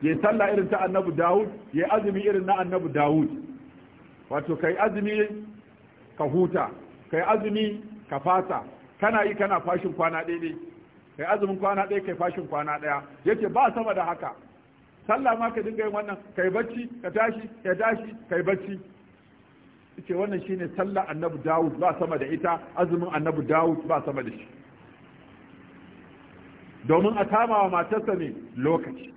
ya sallah irin ta annabi Dawud ya azumi irin na annabi Dawud wato kai azumi ka huta kai azumi ka fasa kana yi kana fashin kwana ɗaya kai azumin kwana ɗaya kai fashin kwana ɗaya yace ba sama da haka sallah ma ka dinga yin wannan kai bacci ka tashi ka tashi kai bacci ce wannan ne sallar annabu dawud ba sama da ita azumin annabu dawud ba sama da shi domin a kama wa matarsa ne lokaci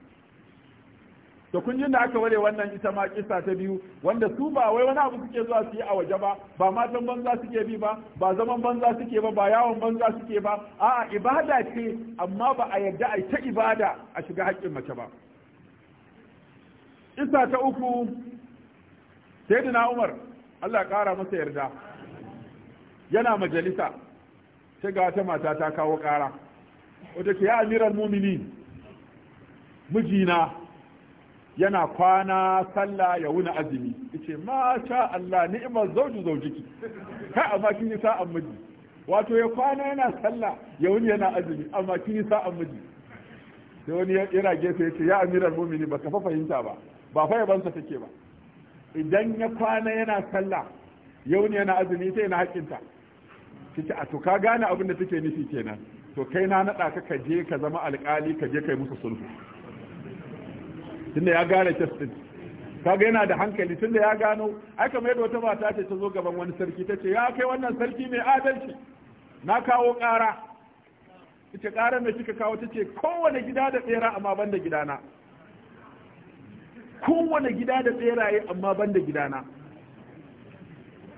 to kun jin da aka ware wannan ita ma kisa ta biyu wanda su ba wai wani abu suke zuwa su yi a waje ba ba matan banza suke bi ba ba zaman banza suke ba ba yawon banza suke ba a'a ibada ce amma ba a yarda a ta ibada a shiga haƙƙin mace ba kisa ta uku sayyidina umar Allah ƙara masa yarda yana majalisa ta ga wata mata ta kawo ƙara wata ke ya amiran mumini mijina yana kwana sallah ya wuni azumi yace ma sha Allah ni'imar zauji zaujiki kai amma kin yi sa'an miji wato ya kwana yana sallah ya wuni yana azumi amma kin yi sa'an miji sai wani ya kira gefe yace ya amiran mu'mini baka fa fahimta ba ba fa yabansa take ba idan ya kwana yana sallah yau ne yana azumi sai na hakinta kace a to ka gane abin da take nufi kenan to kai na nada ka ka je ka zama alƙali ka je kai musu sulhu tunda ya gane test din kaga yana da hankali tunda ya gano ai kamar yadda wata mata ce ta zo gaban wani sarki tace ya kai wannan sarki mai adalci na kawo ƙara ita ƙarar da kika kawo ta ce kowane gida da tsera amma banda gidana kowane gida da tseraye amma ban da gidana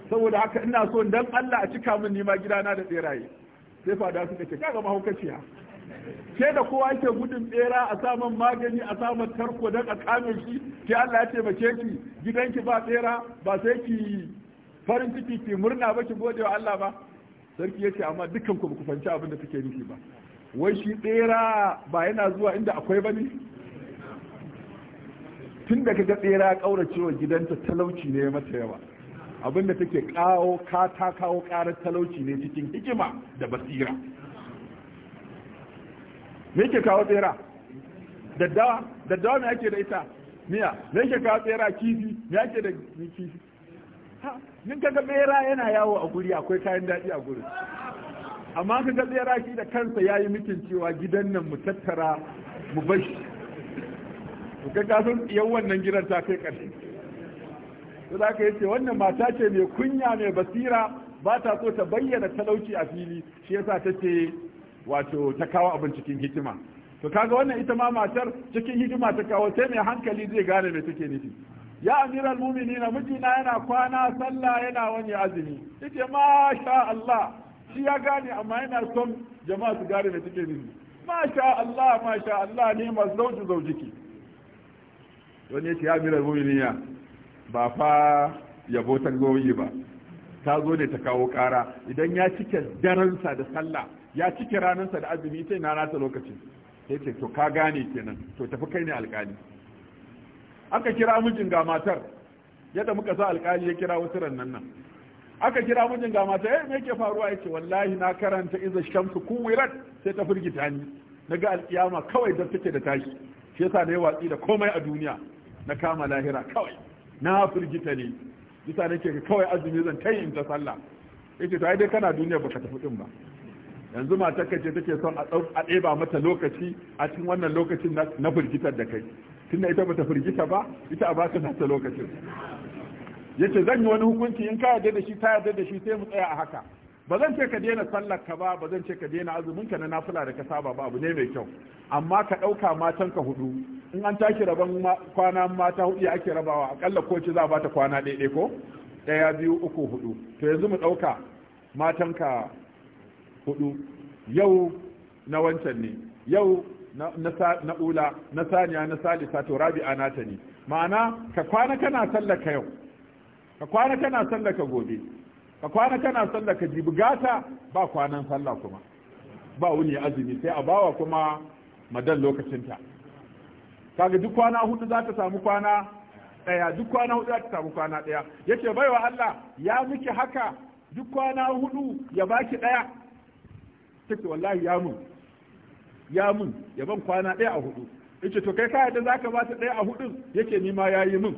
saboda haka ina so dan Allah a cika min nima gidana da tseraye sai fada suka ce kaga mahaukaciya ke da kowa yake gudun tsera a saman magani a saman tarko Dan a kame shi ke Allah ya taimake ki gidanki ba tsera ba sai ki farin ciki ki murna ba ki gode wa Allah ba sarki yace amma dukkan ku ku fanci abin da take nufi ba wai shi tsera ba yana zuwa inda akwai bane tun da kaga tsera kauracewa gidanta talauci ne mata yawa abinda take kawo ka ta kawo karar talauci ne cikin hikima da basira me yake kawo tsera daddawa daddawa me ake da ita miya me yake kawo tsera kifi me ake da kifi nin kaga tsera yana yawo a guri akwai kayan daɗi a guri amma kaga tsera shi da kansa yayi mitin cewa gidan nan mu tattara mu bashi to ka san yau wannan gidan ta kai ƙarshe to za ka yace wannan mata ce mai kunya mai basira ba ta so ta bayyana talauci a fili shi yasa ta ce wato ta kawo abin cikin hikima to kaga wannan ita ma matar cikin hikima ta kawo sai mai hankali zai gane ta take nufi ya amiral mu'minina mijina yana kwana sallah yana wani azumi yace ma sha Allah shi ya gane amma yana son jama'a su gane ta take nufi ma sha Allah ma sha Allah ne mazauji zaujiki wani yake ya mirar muminiya ba fa yabo ta goyi ba ta zo ne ta kawo kara idan ya cike daransa da sallah ya cike ranarsa da azumi sai na nata lokacin sai ce to ka gane kenan to tafi kai ne alkali aka kira mijin ga matar yadda muka sa alkali ya kira wasu rannan nan aka kira mijin ga mata eh me yake faruwa yace wallahi na karanta iza shamsu kuwirat sai ta firgita ni naga alkiyama kawai da take da tashi shi yasa na yi watsi da komai a duniya na kama lahira kawai na firgita ne bisa nake ka kawai azumi zan kai in ta sallah yace to ai dai kana duniya baka tafi din ba yanzu matar kace take son a a ɗeba mata lokaci a cikin wannan lokacin na firgitar da kai tunda ita bata firgita ba ita a baka ta lokacin yace zan yi wani hukunci in ka yarda da shi ta yarda da shi sai mu tsaya a haka ba zan ce ka daina sallar ka ba ba zan ce ka daina azumin ka na nafila da ka saba ba abu ne mai kyau amma ka ɗauka matan ka hudu in an tashi rabon kwana mata hudu ake rabawa akalla ko ce za a bata kwana ɗaya ko ɗaya biyu uku hudu to yanzu mu ɗauka matanka hudu yau na wancan ne yau na ula na saniya na salisa to rabi'a na ta ne ma'ana ka kwana kana sallaka yau ka kwana kana sallaka gobe ka kwana kana sallaka gata ba kwanan sallah kuma ba wuni azumi sai a bawa kuma madan lokacinta kaga duk kwana hudu za ta samu kwana ɗaya duk kwana hudu za ta samu kwana ɗaya yace baiwa Allah ya miki haka duk kwana hudu ya baki ɗaya take wallahi ya mun ya mun ya ban kwana ɗaya a hudu yace to kai ka da zaka ba ta ɗaya a hudu yake ni ma yayi mun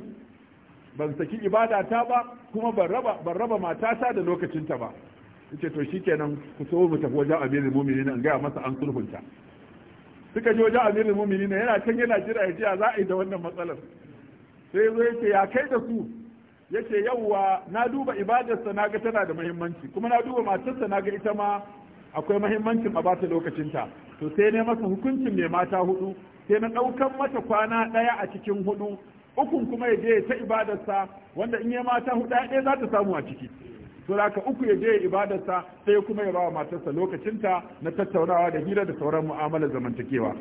ban saki ibada ta ba kuma ban raba ban raba matata da lokacinta ba yace to shikenan ku so mu tafi wajen amirin mu'minin an ga masa an sulhunta suka je wajen amirin mumini na yana can yana jira ya za a yi da wannan matsalar sai zo yake ya kai da su yace yauwa na duba ibadarsa na ga tana da muhimmanci kuma na duba matarsa na ga ita ma akwai muhimmancin a bata lokacinta to sai ne masa hukuncin mai mata hudu sai na ɗaukan mata kwana ɗaya a cikin hudu ukun kuma ya je ta ibadarsa wanda in ya mata hudu ɗaya za ta samu a ciki to uku ya je ibadarsa sai kuma ya bawa matarsa lokacinta na tattaunawa da hira da sauran mu'amalar zamantakewa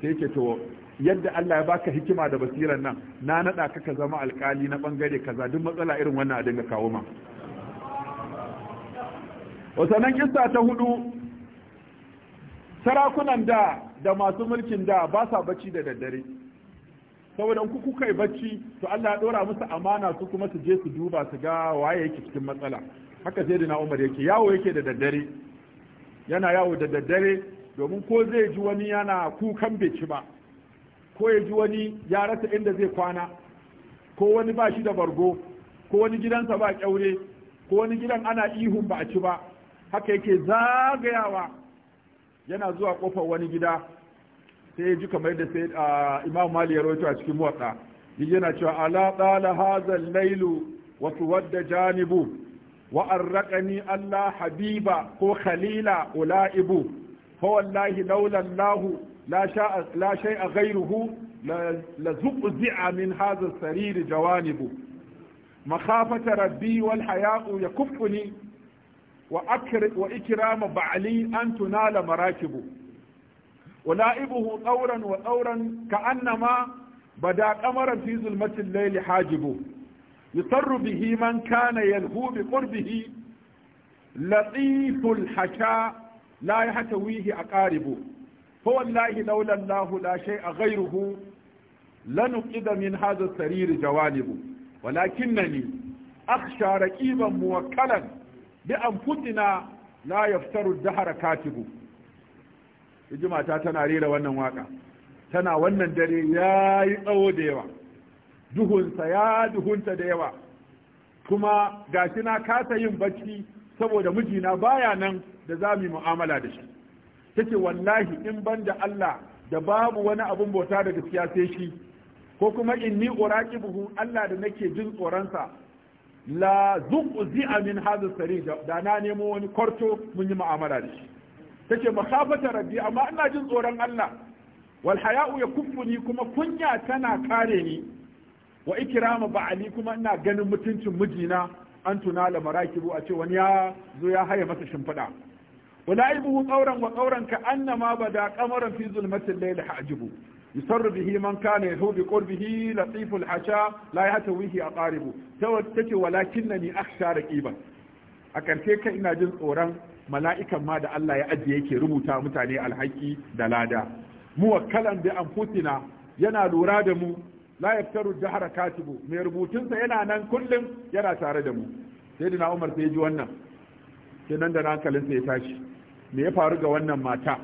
sai yake to yadda Allah ya baka hikima da basiran nan na nada ka ka zama alkali na bangare kaza duk matsala irin wannan a dinga kawo ma wasannan kissa ta hudu sarakunan da da masu mulkin da ba sa bacci da daddare saboda ku kuka yi bacci to Allah ya dora musu amana su kuma su je su duba su ga waye yake cikin matsala haka sai na umar yake yawo yake da daddare yana yawo da daddare domin ko zai ji wani yana kukan bai ci ba ko ya ji wani ya rasa inda zai kwana ko wani ba shi da bargo ko wani gidansa ba kyaure ko wani gidan ana ihun ba a ci ba haka yake zagayawa yana zuwa kofar wani gida sai ya ji kamar da sai imam mali ya rawaito a cikin muwatta yana cewa ala tsala hazal lailu wasu wadda janibu wa arraqani Allah habiba ko khalila ulaibu fa wallahi laula Allah la sha'a la shay'a ghayruhu la zuqzi'a min hadha as-sarir jawanibu makhafata rabbi wal haya'u yakuffuni wa akr wa ikrama ba'li an tunala marakibu ولائبه طورا وطورا كأنما بدا قمرا في ظلمة الليل حاجبه yusarru bihi man kana yalhu bi qurbihi latiful haka la yahtawihi aqaribu fa wallahi laula Allah la shay'a ghayruhu لنقض من هذا السرير جوانبه ولكنني أخشى رقيبا موكلا بأنفسنا لا يفتر الدهر كاتبه يجمع تاتنا ريلا وانا واقع تنا وانا دري يا يتأو ديوا duhunsa ya duhunta da yawa kuma gashi na kasa yin bacci saboda mijina baya nan da za mu mu'amala da shi take wallahi in ban da Allah da babu wani abun bauta da gaskiya sai shi ko kuma in inni uraqibuhu Allah da nake jin tsoronsa la zuqzi'a min hadha sari da na nemo wani kwarto mun yi mu'amala da shi take makhafata rabbi amma ina jin tsoron Allah wal haya'u yakuffuni kuma kunya tana kare ni wa ikrama ba'ali kuma ina ganin mutuncin mijina an tuna la marakibu a ce wani ya zo ya haye masa shimfiɗa wala ibuhu qawran wa qawran ka annama bada qamaran fi zulmatil layl hajibu يسر به من كان يهو بقربه لطيف الحشا لا يهتويه أقاربه توتك ولكنني أخشى رقيبا ya إن جن أوران ملائكة ما دا الله يأجيك رموتا متعني الحكي دلادا موكلا بأنفسنا da mu. la yaftaru jahra katibu mai rubutunsa yana nan kullum yana tare da mu sai dina umar sai ji wannan sai nan da hankalinsa ya tashi me ya faru ga wannan mata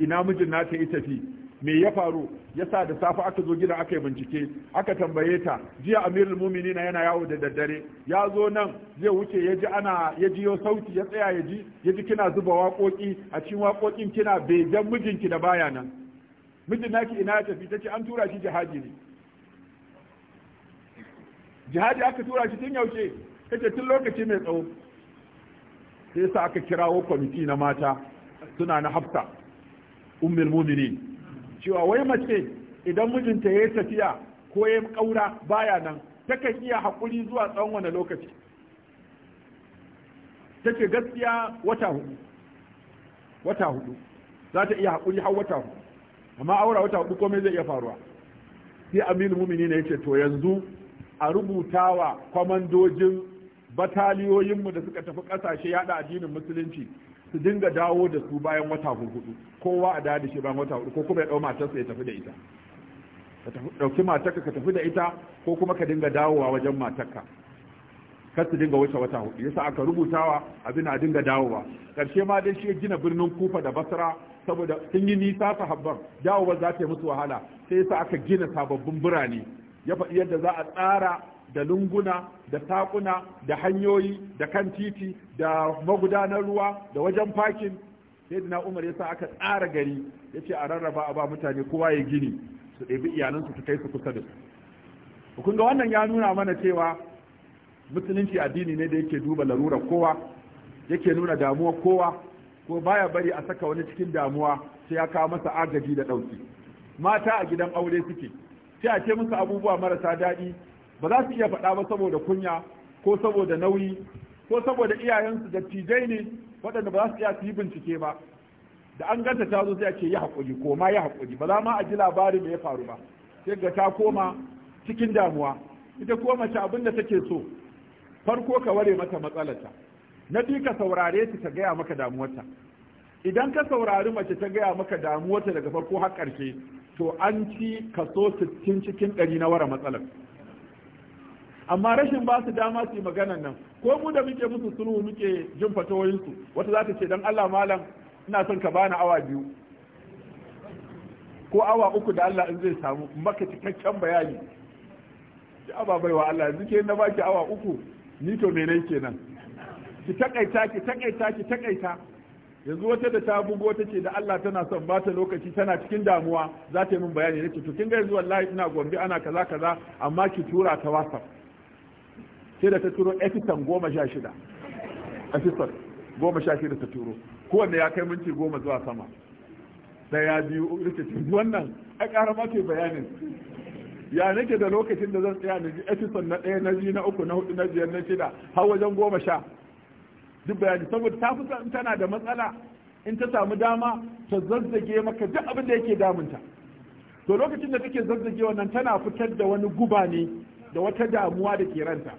ina mijin nata ya tafi me ya faru yasa da safe aka zo gida aka yi bincike aka tambaye ta jiya amirul na yana yawo da daddare ya zo nan zai wuce ya ji ana ya ji jiyo sauti ya tsaya ya ji ya ji kina zuba wakoki a cikin waƙoƙin kina bejan mijinki da baya nan mijin naki ina ya tafi tace an tura shi jihadi ne jihadi aka tura shi tun yaushe kace tun lokaci mai tsawo sai sa aka kirawo kwamiti na mata suna na hafta ummul mu'minin cewa wai mace idan mijinta ya tafiya ko ya kaura baya nan takan iya haƙuri zuwa tsawon wani lokaci take gaskiya wata hudu wata hudu za ta iya haƙuri har wata hudu amma aura wata hudu komai zai iya faruwa sai aminu mumini ya ce to yanzu a rubutawa kwamandojin bataliyoyinmu da suka tafi ƙasashe yada addinin musulunci su dinga dawo da su bayan wata hudu kowa a da shi bayan wata hudu ko kuma ya ɗau matarsa ya tafi da ita ka dauki matarka ka tafi da ita ko kuma ka dinga dawowa wajen matarka kar su dinga wuce wata hudu yasa aka rubutawa abin a dinga dawowa karshe ma dai shi ya gina birnin kufa da basra saboda sun yi nisa sahabban dawowa za ta yi musu wahala sai yasa aka gina sababbin birane ya faɗi yadda za a tsara da lunguna da takuna, da hanyoyi da kan titi da magudanar ruwa da wajen fakin sai umar ya sa aka tsara gari ya ce a rarraba a ba mutane kowa ya gini su ɗabi iyalansu su kai su kusa da su ga wannan ya nuna mana cewa musulunci addini ne da yake duba larurar kowa yake nuna damuwa kowa ko baya bari a saka wani cikin damuwa sai ya kawo masa agaji da ɗauki mata a gidan aure suke sai a ce musu abubuwa marasa daɗi ba za su iya faɗa ba saboda kunya ko saboda nauyi ko saboda iyayensu dattijai ne waɗanda ba za su iya su yi bincike ba da an ganta ta zo sai a ce yi haƙuri ko ma yi haƙuri ba za ma a ji labarin da ya faru ba sai ga ta koma cikin damuwa ita ko mace abin da take so farko ka ware mata matsalarta na biyu ka saurare ta ta gaya maka damuwarta idan ka saurari mace ta gaya maka damuwarta daga farko har ƙarshe to an ci kaso 60 cikin ɗari na wara matsalar amma rashin ba su dama su yi maganan nan ko mu da muke musu sulhu muke jin fatawoyinsu wata za ta ce dan Allah malam ina son ka bani awa biyu ko awa uku da Allah in zai samu maka cikakken bayani ki ababai wa Allah yanzu ke na baki awa uku ni to menene kenan ki takaita ki takaita ki takaita yanzu wata da ta bugo ta ce da Allah tana son ba ta lokaci tana cikin damuwa za ta yi min bayani nace to kin ga yanzu wallahi ina gombe ana kaza kaza amma ki tura ta WhatsApp sai da ta turo efitan goma sha shida efitan goma sha shida ta turo kowanne ya kai minti goma zuwa sama ya biyu nace wannan a ƙara ma ke bayanin ya nake da lokacin da zan tsaya na ji efitan na ɗaya na biyu na uku na hudu na biyar na shida har wajen goma sha duk bayani saboda ta fi tana da matsala in ta samu dama ta zazzage maka duk abin da yake damunta to lokacin da take zazzage wannan tana fitar da wani guba ne da wata damuwa da ke ranta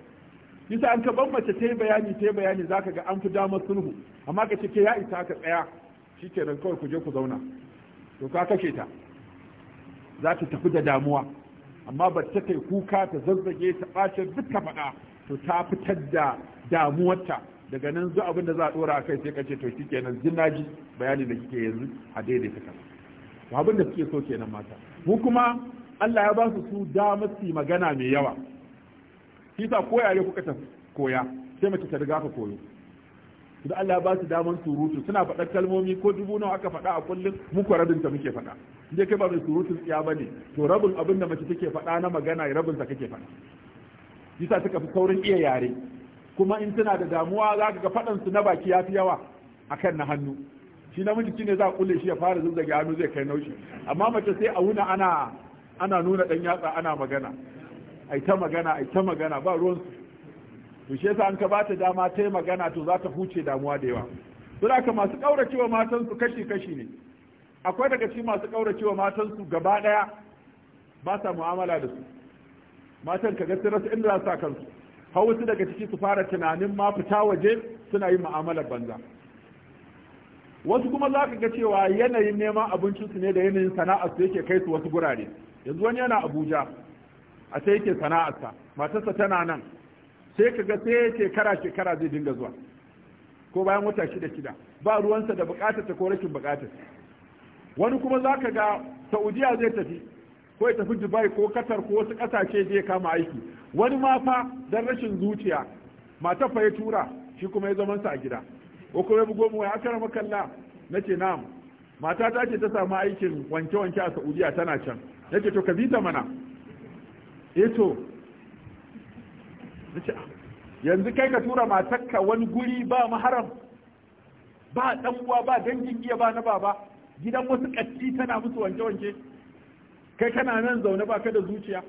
yasa an ka ban mace ta yi bayani ta yi bayani zaka ga an fi damar sulhu amma ka ce ya isa ka tsaya ke nan kawai ku je ku zauna to ka kashe ta za ta tafi da damuwa amma ba ta kai kuka ta zazzage ta bacin duka faɗa to ta fitar da damuwarta daga nan zuwa abin da za a dora kai sai kace to shi kenan jinnaji bayani da kike yanzu a daidaita kan to abin da suke so kenan mata mu kuma Allah ya ba su su su magana mai yawa shi sa koya ne kuka ta koya sai mace ta riga ka koyo idan Allah ya ba su damar surutu suna faɗar kalmomi ko dubu nawa aka faɗa a kullum mu ko rabin ta muke faɗa indai kai ba mai surutun tsiya bane to rabin abin da mace take faɗa na magana rabin ta kake faɗa shi sa suka fi saurin iya yare kuma in suna da damuwa za ka ga faɗansu na baki ya fi yawa kan na hannu shi namiji shi ne za a kulle shi ya fara zuzzage hannu zai kai naushi amma mace sai a wuna ana ana nuna ɗan yatsa ana magana ai ta magana ai ta magana ba ruwansu to shi yasa an ka bata dama ta magana to za ta huce damuwa da yawa to da masu kauracewa matansu kashi kashi ne akwai daga cikin masu kauracewa matansu gaba daya ba sa mu'amala da su matan kaga sai rasu inda za su sa kansu har wasu daga ciki su fara tunanin ma fita waje suna yin mu'amalar banza wasu kuma za ka ga cewa yanayin neman abincinsu ne da yanayin sana'ar sana'arsu yake kai su wasu gurare yanzu wani yana abuja a sai yake sana'arsa matarsa tana nan sai ka ga sai shekara shekara zai dinga zuwa ko bayan wata shida shida ba ruwansa da bukatar ta ko rashin bukatar wani kuma za ka ga saudiya zai tafi ko ya tafi dubai ko qatar ko wasu kasashe zai kama aiki wani ma fa dan rashin zuciya mata fa ya tura shi kuma ya zaman sa a gida ko kuma ya bugo mu ya akara makalla nace na'am mata ta ce ta samu aikin wanke wanke a saudiya tana can nace to ka bita mana eh to nace ah, yanzu kai ka tura matarka wani guri ba maharam ba dan uwa ba dangin iya ba na baba gidan wasu katti tana musu wanke wanke kai kana nan zaune ba ka da zuciya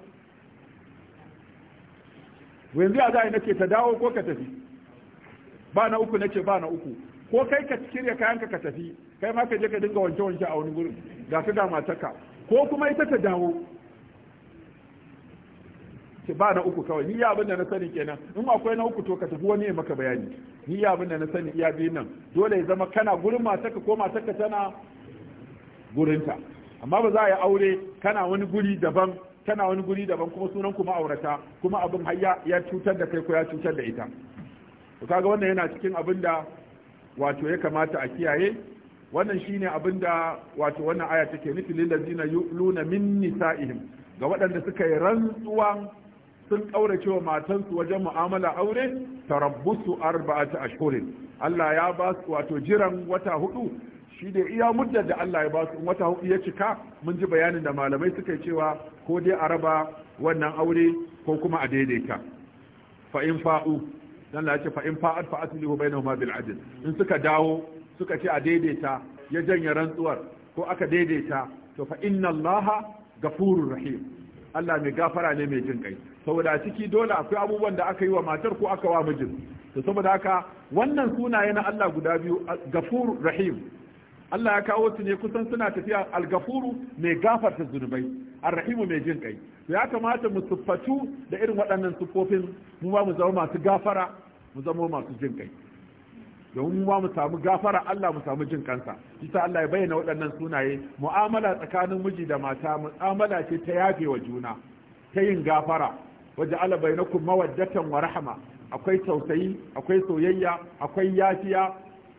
yanzu a zai nake ta dawo ko ka tafi ba na uku nake ba na uku ko kai ka shirya kayanka ka tafi kai ma ka je ka dinga wanke wanke a wani gurin ga ka ga mataka. ko kuma ita ta dawo ki ba na uku kawai ni ya abin da na sani kenan in akwai na uku to ka tafi wani ya maka bayani ni ya abin da na sani iya biyun nan dole ya zama kana gurin mataka ko mataka tana gurinta amma ba za a yi aure kana wani guri daban tana wani guri daban kuma sunan kuma aurata kuma abin hayya ya cutar da kai ko ya cutar da ita to kaga wannan yana cikin abin da wato ya kamata a kiyaye wannan shine abin da wato wannan aya take nufi lil ladina yuluna min nisaihim ga waɗanda suka yi rantsuwa sun kaurace wa matansu wajen mu'amala aure tarabbusu arba'ata ashhurin Allah ya ba su wato jiran wata hudu shi da iya mudda da Allah ya ba su wata hudu ya cika mun ji bayanin da malamai suka cewa ko dai a raba wannan aure ko kuma a daidaita fa in fa'u dan Allah ya ce fa in fa'at fa aslihu bainahuma bil adl in suka dawo suka ce a daidaita ya janya rantsuwar ko aka daidaita to fa inna Allah gafurur rahim Allah mai gafara ne mai jin kai saboda ciki dole akwai abubuwan da aka yi wa matar ko aka wa mijin to saboda haka wannan sunaye na Allah guda biyu gafur rahim Allah ya kawo su ne kusan suna tafiya algafuru mai gafarta zunubai arrahimu mai jin kai ya kamata mu siffatu da irin waɗannan siffofin mu ba mu zama masu gafara mu zama masu jin kai domin mu ba mu samu gafara Allah mu samu jin kansa isa Allah ya bayyana waɗannan sunaye mu'amala tsakanin miji da mata mu'amala ce ta yafe wa juna ta yin gafara waje ala bainakum mawaddatan wa rahama akwai tausayi akwai soyayya akwai yafiya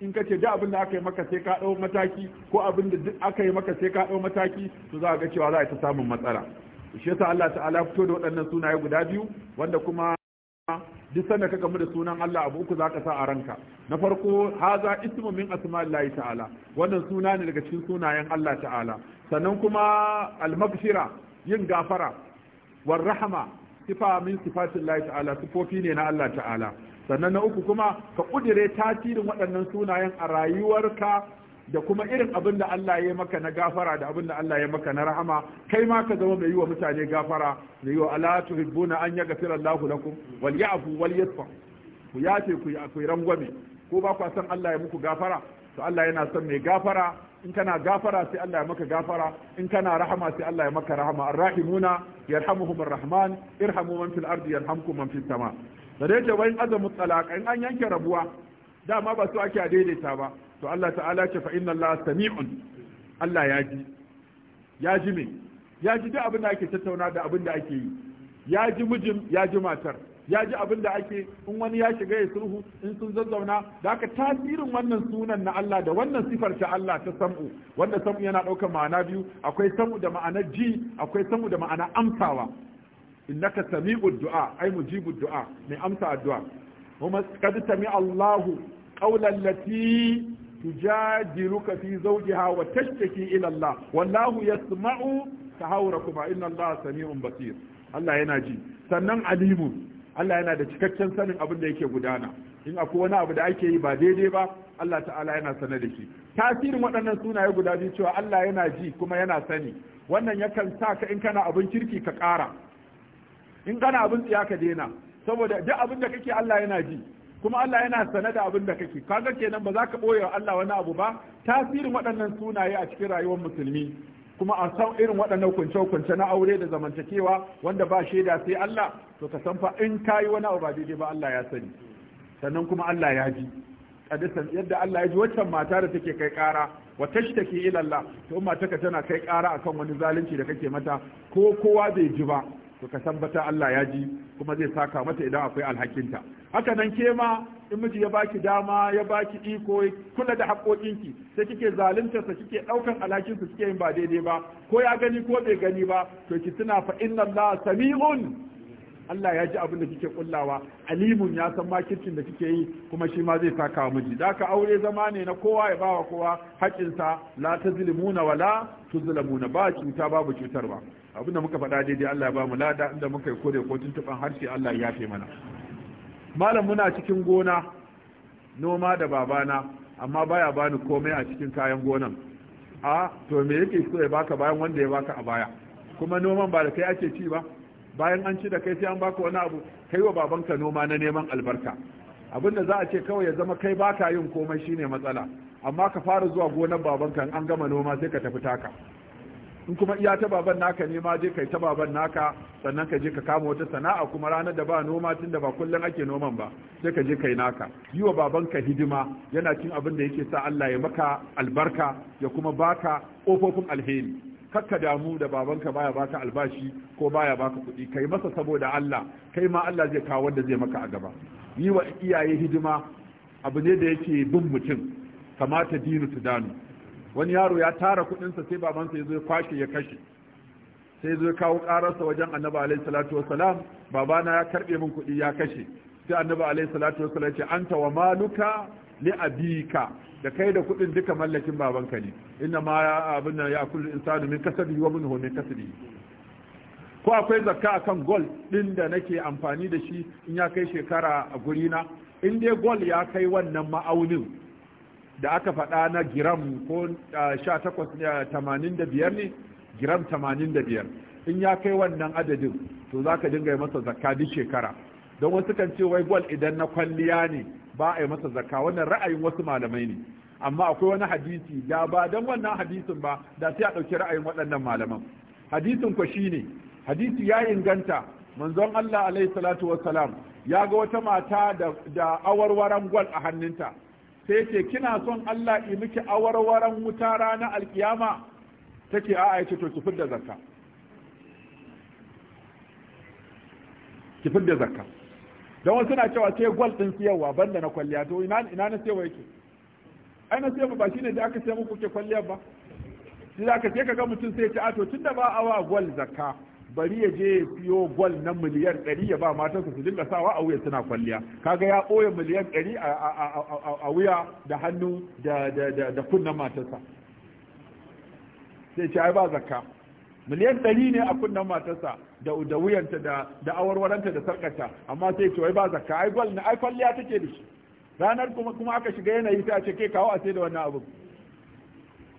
in ka ce da abin da aka yi maka sai ka ɗau mataki ko abin da duk aka yi maka sai ka ɗau mataki to za a ga cewa za a ta samun matsala shi yasa Allah ta'ala fito da waɗannan sunaye guda biyu wanda kuma duk sanda ka gamu da sunan Allah abu uku za ka sa a ranka na farko haza ismu min asma'illahi ta'ala wannan suna ne daga cikin sunayen Allah ta'ala sannan kuma al-maghfira yin gafara war rahama sifa min sifatillahi ta'ala sifofi ne na Allah ta'ala sannan na uku kuma ka kudire tasirin waɗannan sunayen a rayuwarka da kuma irin abin da Allah ya maka na gafara da abin da Allah ya maka na rahama kai ma ka zama mai yi wa mutane gafara da yi wa ala tuhibbuna an yaghfira Allahu lakum wal ya'fu wal yasfa ku yace ku ku rangwame ko ba ku san Allah ya muku gafara to Allah yana son mai gafara in kana gafara sai Allah ya maka gafara in kana rahama sai Allah ya maka rahama arrahimuna yarhamuhumur rahman irhamu man fil ardi yarhamkum man fis sama da dai jawain azamu talaka in an yanke rabuwa dama ba su ake daidaita ba to Allah ta'ala ce fa inna Allah sami'un Allah ya ji ya ji me ya ji duk abin da ake tattauna da abin da ake yi ya ji mijin ya ji matar ya ji abin da ake in wani ya shiga ya sulhu in sun zazzauna da aka tasirin wannan sunan na Allah da wannan sifar ta Allah ta sam'u wanda sam'u yana ɗaukar ma'ana biyu akwai sam'u da ma'anar ji akwai sam'u da ma'ana amsawa innaka sami'ud du'a ay mujibud du'a mai amsa addu'a kuma kad sami Allahu qawlan lati tujadiluka fi zawjiha wa tashtaki ila Allah wallahu yasma'u tahawurakuma inna Allah sami'un basir Allah yana ji sannan alimun Allah yana da cikakken sanin abin da yake gudana in akwai wani abu da ake yi ba daidai ba Allah ta'ala yana sane da shi tasirin waɗannan sunaye guda biyu cewa Allah yana ji kuma yana sani wannan yakan sa ka in kana abin kirki ka ƙara in kana abin tsiya ka daina saboda duk abin da kake Allah yana ji kuma Allah yana sane da abin da kake kaga kenan ba za ka boye wa Allah wani abu ba tasirin waɗannan sunaye a cikin rayuwar musulmi kuma a san irin waɗannan kunce-kunce na aure da zamantakewa wanda ba shaida sai Allah to ka san fa in kayi wani abu ba daidai ba Allah ya sani sannan kuma Allah ya ji kadisan yadda Allah ya ji waccan mata da take kai kara wa tashtaki ila Allah to in tana kai kara akan wani zalunci da kake mata ko kowa bai ji ba to ka tabbata Allah ya ji kuma zai saka mata idan akwai alhakinta haka nan ke ma in miji ya baki dama ya baki iko kula da haƙoƙinki sai kike zalunta sa kike ɗaukan alhakin su kike yin ba daidai ba ko ya gani ko bai gani ba to ki tuna fa inna Allah sami'un Allah ya ji abin da kike kullawa alimun ya san makircin da kike yi kuma shi ma zai saka miji da ka aure zama ne na kowa ya bawa kowa haƙinsa la tazlimuna wala tuzlamuna ba cuta babu cutarwa abinda muka faɗa daidai Allah ya ba mu lada inda muka yi kore ko tuntuban harshe Allah ya yafe mana malam muna cikin gona noma da babana amma baya bani komai a cikin kayan gonan a to me yake so ya baka bayan wanda ya baka a baya kuma noman ba da kai ake ci ba bayan an ci da kai sai an baka wani abu kai wa babanka noma na neman albarka abinda za a ce kawai ya zama kai baka yin komai shine matsala amma ka fara zuwa gonar babanka an gama noma sai ka tafi taka in kuma iya ta baban naka ne ma je kai ta baban naka sannan ka je ka kama wata sana'a kuma ranar da ba noma tun da ba kullum ake noman ba sai ka je kai naka yi wa babanka hidima yana cin abin da yake sa Allah ya maka albarka ya kuma baka ƙofofin alheri kakka damu da babanka baya baka albashi ko baya baka kuɗi kai masa saboda Allah kai ma Allah zai kawo wanda zai maka a gaba yi wa iyaye hidima abu ne da yake bin mutum kamata dinu tudanu wani yaro ya tara kuɗinsa sai babansa ya zo ya kwashe ya kashe sai zo ya kawo ƙararsa wajen annabi alaihi salatu wassalam babana ya karbe min kuɗi ya kashe sai annabi alaihi salatu wassalam ce anta wa maluka li abika da kai da kuɗin duka mallakin babanka ne inna ma abin ya kullu insanu min kasabihi wa minhu min kasabihi ko akwai zakka akan gol din da nake amfani da shi in ya kai shekara a guri na in dai gol ya kai wannan ma'aunin da aka faɗa na giram ko 1885 ne giram 85 in ya kai wannan adadin to za ka dinga yi masa zakka duk shekara don wasu kan ce wai gwal idan na kwalliya ne ba a yi masa zakka wannan ra'ayin wasu malamai ne amma akwai wani hadisi da ba don wannan hadisin ba da sai a ɗauki ra'ayin waɗannan malaman hadisin ku ne hadisi ya inganta manzon Allah alaihi salatu wasalam ya ga wata mata da, da awarwaran gwal a hannunta sai ce kina son Allah yi miki awarwaran wuta rana alkiyama take a'a yace to ki fidda zakka ki fidda zakka don wasu na cewa sai gwal din siyarwa banda na kwalliya to ina ina na siyarwa yake ai na siyarwa ba shine da aka sai muku ke kwalliya ba sai aka sai ga mutum sai ya ce a to tunda ba awa gwal zakka bari ya je ya siyo gwal na miliyan ɗari ya ba matarsa su dinga sawa a wuya suna kwalliya kaga ya ɓoye miliyan ɗari a wuya da hannu da kunnen matarsa sai ce ai ba zakka miliyan ɗari ne a kunnen matarsa da da wuyanta da da awarwaranta da sarkata amma sai ce ai ba zakka ai gwal na ai kwalliya take da shi ranar kuma kuma aka shiga yanayi sai a ce kai kawo a sai da wannan abu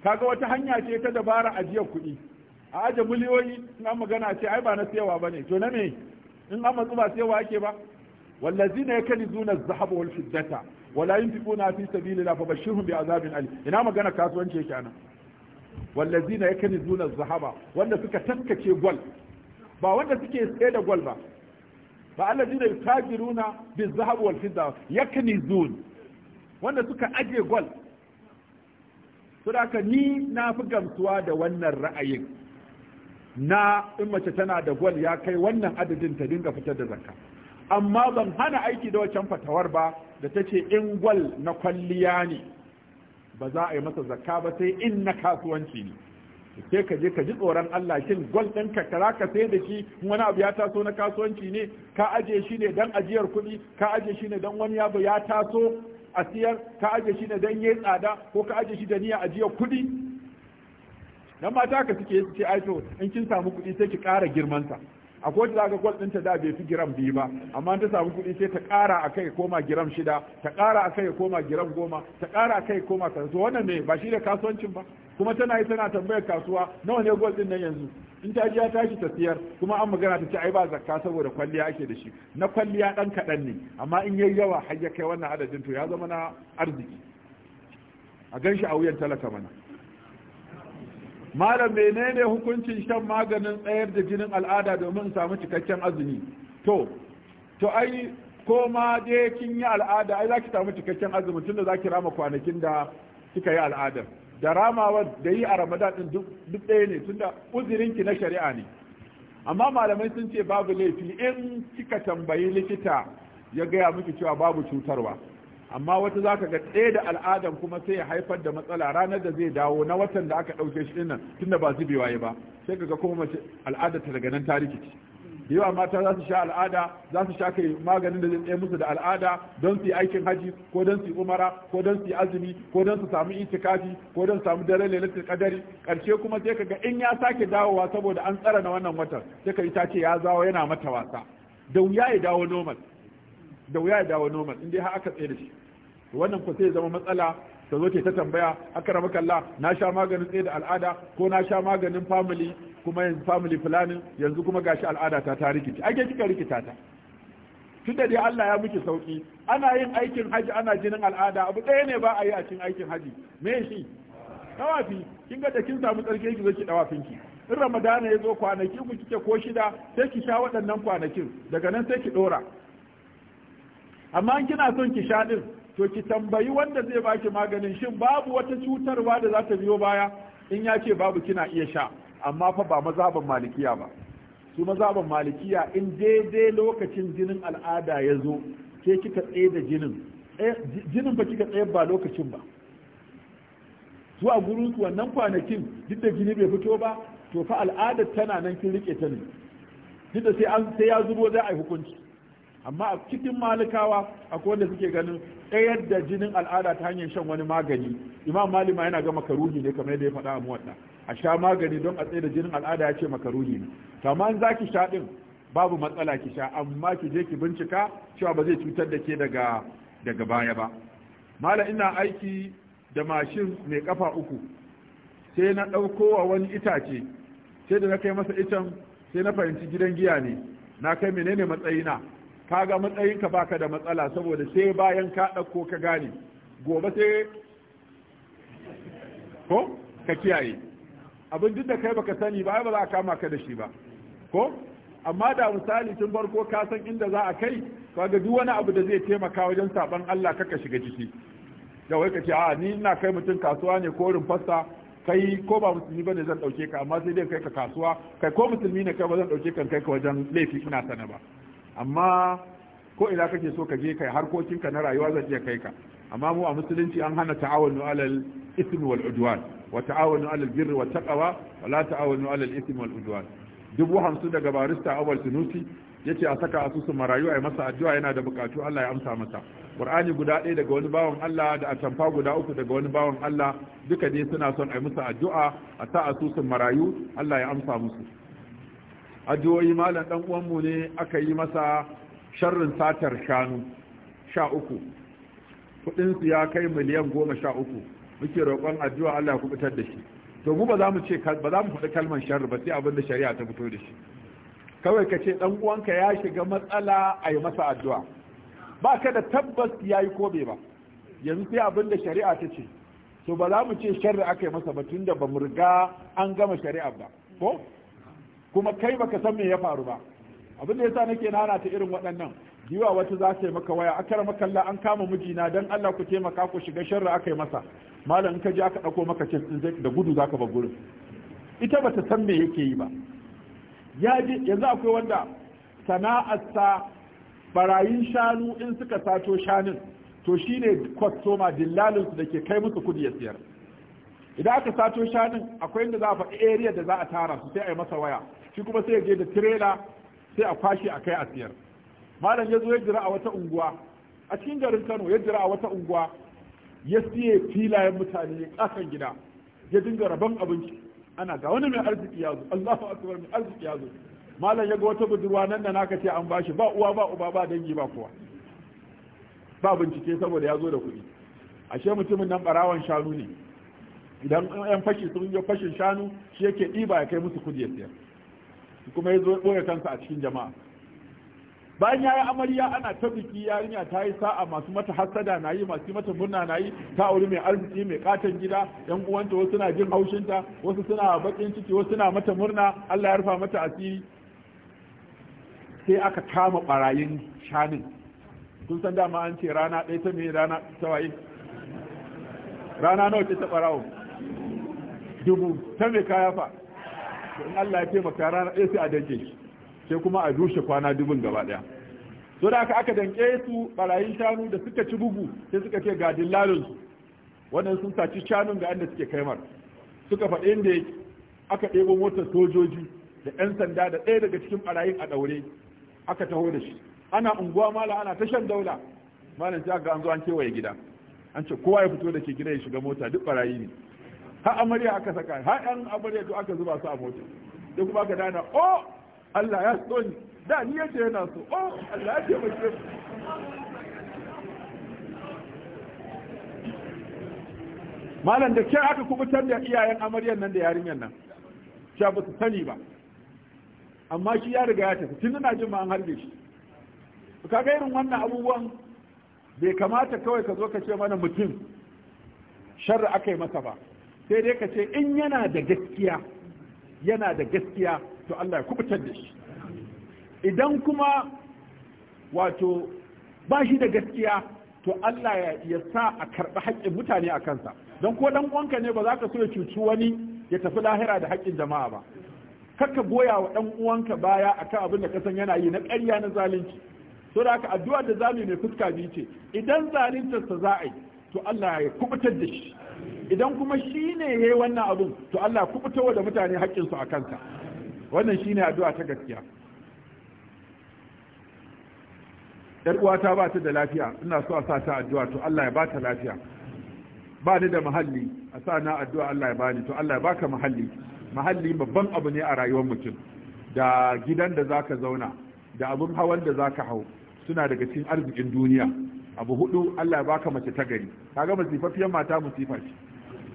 kaga wata hanya ce ta dabara ajiyar kuɗi a aje miliyoyi in an magana ce ai ba na sayawa ba ne to na me in an matsu ba sayawa ake ba wallazina yakunizuna az-zahaba wal fiddata wala yunfiquna fi sabilillah fabashshirhum bi'azabin alim ina magana kasuwanci yake anan wallazina yakunizuna az-zahaba wanda suka tankace gwal ba wanda suke tsaye da gwal ba ba allazina yutajiruna biz-zahab wal fidda yakunizun wanda suka aje gwal saboda ni na fi gamsuwa da wannan ra'ayin na in mace tana da gwal ya kai wannan adadin ta dinga fitar da zakka amma ban hana aiki da wancan fatawar ba da ta ce in gwal na kwalliya ne ba za a yi masa zakka ba sai in na kasuwanci ne sai ka je ka ji tsoron Allah shin gwal ɗin ka kara ka sai da shi wani abu ya taso na kasuwanci ne ka aje shi ne dan ajiyar kuɗi ka aje shi ne dan wani abu ya taso a siyar ka aje shi ne dan yayi tsada ko ka aje shi da niyya ajiyar kuɗi nan mata ka suke su ce ai to in kin samu kuɗi sai ki ƙara girman sa a kowace za ka kwal ɗinta da bai fi giram biyu ba amma ta samu kuɗi sai ta ƙara a kai koma giram shida ta ƙara a kai koma giram goma ta ƙara a kai koma ta to wannan ne ba shi da kasuwancin ba kuma tana yi tana tambayar kasuwa nawa ne gwal ɗin nan yanzu in ta ji ya tashi ta siyar kuma an magana ta ce ai ba zakka saboda kwalliya ake da shi na kwalliya ɗan kaɗan ne amma in yayi yawa har ya kai wannan adadin to ya zama na arziki a ganshi a wuyan talaka mana malam menene hukuncin shan maganin tsayar da jinin al'ada domin samu cikakken azumi to to ai ko ma dai kin yi al'ada ai zaki samu cikakken azumi tunda zaki rama kwanakin da kika yi al'ada. da ramawa da yi a ramadan din duk ɗaya ne tunda uzirinki na shari'a ne amma malamai sun ce babu laifi in kika tambayi likita ya gaya miki cewa babu cutarwa amma wata za ka ga ɗaya da al'adan kuma sai ya haifar da matsala ranar da zai dawo na watan da aka ɗauke shi nan tun da ba zubewa ya ba sai kaga kuma mace al'ada ta daga nan ta rikici da yawa mata za su sha al'ada za su sha kai maganin da zai tsaye musu da al'ada don su yi aikin haji ko don su yi umara ko don su yi azumi ko don su samu itikafi ko don su samu dare lailatul kadari karshe kuma sai kaga in ya sake dawowa saboda an tsara na wannan watan sai ka yi ta ce ya zawo yana mata wasa da wuya ya dawo normal da wuya ya dawo normal in dai har aka tsaye da shi wannan ko sai zama matsala ta zo ta tambaya rama kalla na sha maganin tsaye da al'ada ko na sha maganin family kuma yanzu family planning yanzu kuma gashi al'ada ta ta rikici ake kika rikita ta tunda dai Allah ya miki sauki ana yin aikin haji ana jinin al'ada abu ɗaya ne ba a yi a cikin aikin haji me shi tawafi kin ga da kin samu tsarki ki zo ki tawafin ki in ramadana ya zo kwanaki ku kike ko shida sai ki sha waɗannan kwanakin daga nan sai ki dora amma in kina son ki sha din to ki tambayi wanda zai baki maganin shin babu wata cutarwa da za ta biyo baya in ya ce babu kina iya sha amma fa ba mazaban malikiya ba su mazaban malikiya in daidai lokacin jinin al'ada ya zo ke kika tsaye da jinin eh, jinin ba kika tsaye ba lokacin ba su a gurin su wannan kwanakin duk da jini bai fito ba to fa al'adar tana nan kin rike ta ne duk da sai an sai ya zubo za a yi hukunci amma a cikin malikawa akwai wanda suke ganin tsayar da jinin al'ada ta hanyar shan wani magani imam malima yana ga makaruhi ne kamar yadda ya faɗa a muwadda a sha magani don a tsaye da jinin al'ada ya ce makaruhi ne to za ki sha ɗin babu matsala ki sha amma ki je ki bincika cewa ba zai cutar da ke daga daga baya ba mala ina aiki da mashin mai kafa uku sai na ɗauko wa wani itace sai da na kai masa itan sai na fahimci gidan giya ne na kai menene matsayina Ka kaga matsayinka baka da matsala saboda sai bayan ka ɗauko ka gane gobe sai ko ka kiyaye abin duk da kai baka sani ba ba za a kama ka da shi ba ko amma da misali tun farko ka san inda za a kai kaga duk wani abu da zai taimaka wajen saban Allah ka ka shiga ciki da wai ce a ni ina kai mutum kasuwa ne ko rumfasta kai ko ba musulmi bane zan dauke ka amma sai dai kai ka kasuwa kai ko musulmi ne kai ba zan dauke kan kai ka wajen laifi ina sana ba amma ko ila kake so ka je kai harkokinka na rayuwa zan iya kai ka amma mu a musulunci an hana ta'awunu alal ismi wal udwan wa ta'awunu alal birr wa taqwa wa la ta'awunu alal ismi wal udwan dubu hamsin daga barista awal sinusi yace a saka asusun marayu ai masa addu'a yana da bukatu Allah ya amsa masa Qur'ani guda ɗaya daga wani bawan Allah da atamfa guda uku daga wani bawan Allah duka dai suna son ai musu addu'a a sa asusun marayu Allah ya amsa musu addu'o'i malam dan uwanmu ne aka yi masa sharrin satar shanu sha uku kudin su ya kai miliyan goma sha uku muke roƙon addu'a Allah ya kubutar da shi to mu ba za mu ce ba za mu faɗi kalmar sharri ba sai abin da shari'a ta fito da shi kawai ka ce dan uwanka ya shiga matsala a yi masa addu'a ba ka da tabbas ya yi kobe ba yanzu sai abin da shari'a ta ce to ba za mu ce sharri aka yi masa ba tunda ba mu riga an gama shari'a ba ko kuma kai baka san me ya faru ba abin da yasa nake nana ta irin waɗannan giwa wata za ta yi maka waya a akar makalla an kama mijina dan Allah ku taimaka ku shiga sharri aka yi masa malam in ka je aka ɗauko maka cin da gudu ka bar gurin ita bata san me yake yi ba ya ji yanzu akwai wanda sa barayin shanu in suka sato shanin to shine kwastoma dillalinsu da ke kai musu kudi ya siyar idan aka sato shanin akwai inda za a faɗi area da za a tara su sai a yi masa waya shi kuma sai ya je da tirela sai a kwashe a kai a siyar malam ya zo ya jira a wata unguwa a cikin garin kano ya jira a wata unguwa ya siye filayen mutane kasan gida ya dinga rabon abinci ana ga wani mai arziki ya zo Allahu akbar mai arziki ya zo malam ya ga wata budurwa nan da naka ce an bashi ba uwa ba uba ba dangi ba kowa ba bincike saboda ya zo da kuɗi ashe mutumin nan barawan shanu ne idan yan fashi sun yi fashin shanu shi yake ɗiba ya kai musu kudi ya siyar kuma ya zo ɓoye kansa a cikin jama'a bayan ya yi amarya ana ta biki yarinya ta yi sa'a masu mata hassada na yi masu mata murna na yi ta auri mai arziki mai katon gida yan uwanta wasu suna jin haushinta wasu suna bakin ciki wasu suna mata murna Allah ya rufa mata asiri sai aka kama barayin shanin kun san dama an ce rana ɗaya ta mai rana ta waye rana nawa ce ta barawo dubu ta mai kaya to in Allah ya taimaka rana ɗaya sai a danke shi sai kuma a rushe kwana dubun gaba ɗaya so da aka aka danke su barayin shanu da suka ci bugu sai suka ce ga dillalin su wannan sun saci shanun ga inda suke kaimar suka faɗi inda aka ɗebo motar sojoji da 'yan sanda da ɗaya daga cikin barayin a ɗaure aka taho da shi ana unguwa mala ana tashan daula malam sai aka an zo an kewaye gida an ce kowa ya fito da ke gida ya shiga mota duk barayi ne Ha amarya aka saka Ha yan amarya to aka zuba su a mota da kuma aka dana oh Allah ya so ni da ni yace yana so oh Allah ya ce mace malam da ke aka kubutar da iyayen amaryar nan da yarinyar nan sha ba su sani ba amma shi ya riga ya tafi tun ina jin ma an harbe shi ka ga irin wannan abubuwan bai kamata kawai ka zo ka ce mana mutum sharri aka yi masa ba sai dai ka ce in yana da gaskiya yana da gaskiya to Allah ya kubutar da shi idan kuma wato ba shi da gaskiya to Allah ya sa a karɓi haƙƙin mutane a kansa don ko dan uwanka ne ba za ka so ya cuci wani ya tafi lahira da haƙƙin jama'a ba kakka goya wa ɗan uwanka baya akan abin da ka san yana yi na ƙarya na zalunci saboda haka addu'a da zamu mai fuska biyu ce idan zaluntar ta za a yi to Allah ya kubutar da shi idan kuma shi ne ya yi wannan abun to Allah ya kubutar da mutane haƙƙinsu a kansa wannan shi ne addu'a ta gaskiya yar uwata ba ta da lafiya ina so a sa ta addu'a to Allah ya ba ta lafiya ba ni da mahalli a sa na addu'a Allah ya bani to Allah ya baka mahalli mahalli babban abu ne a rayuwar mutum da gidan da za ka zauna da abin hawan da za ka hau suna daga cikin arzikin duniya abu hudu Allah ya baka mace ta gari kaga masifaffiyar mata musifa shi.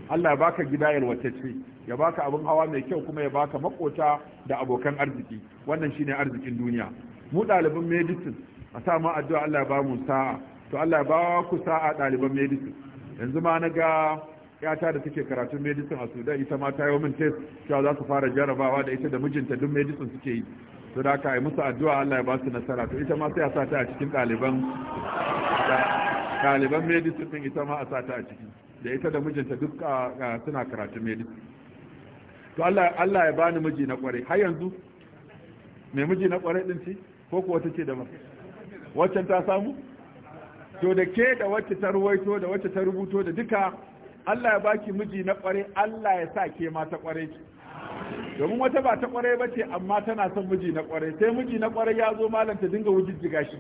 Allah ya baka gida yalwatacce ya baka abin hawa mai kyau kuma ya baka makota da abokan arziki wannan shine arzikin duniya mu ɗaliban medicine a sa ma addu'a Allah ya ba mu sa'a to Allah ya ba ku sa'a ɗaliban medicine yanzu ma na ga yata da take karatun medicine a Sudan ita ma ta yi min test cewa za su fara jarabawa da ita da mijinta duk medicine suke yi to da aka yi musu addu'a Allah ya ba su nasara to ita ma sai a sa ta a cikin ɗaliban ɗaliban medicine din ita ma a sa ta a ciki da ita da mijinta duk suna karatu medicine to Allah Allah ya bani miji na kware har yanzu mai miji na kware din ci ko ko wata ce da ba waccan ta samu to da ke da wacce ta ruwaito da wacce ta rubuto da duka Allah ya baki miji na kware Allah ya sa ke ma ta kware ki domin wata ba ta kwarai ba ce amma tana son miji na kwarai sai miji na kwarai ya zo malam ta dinga wujijjiga shi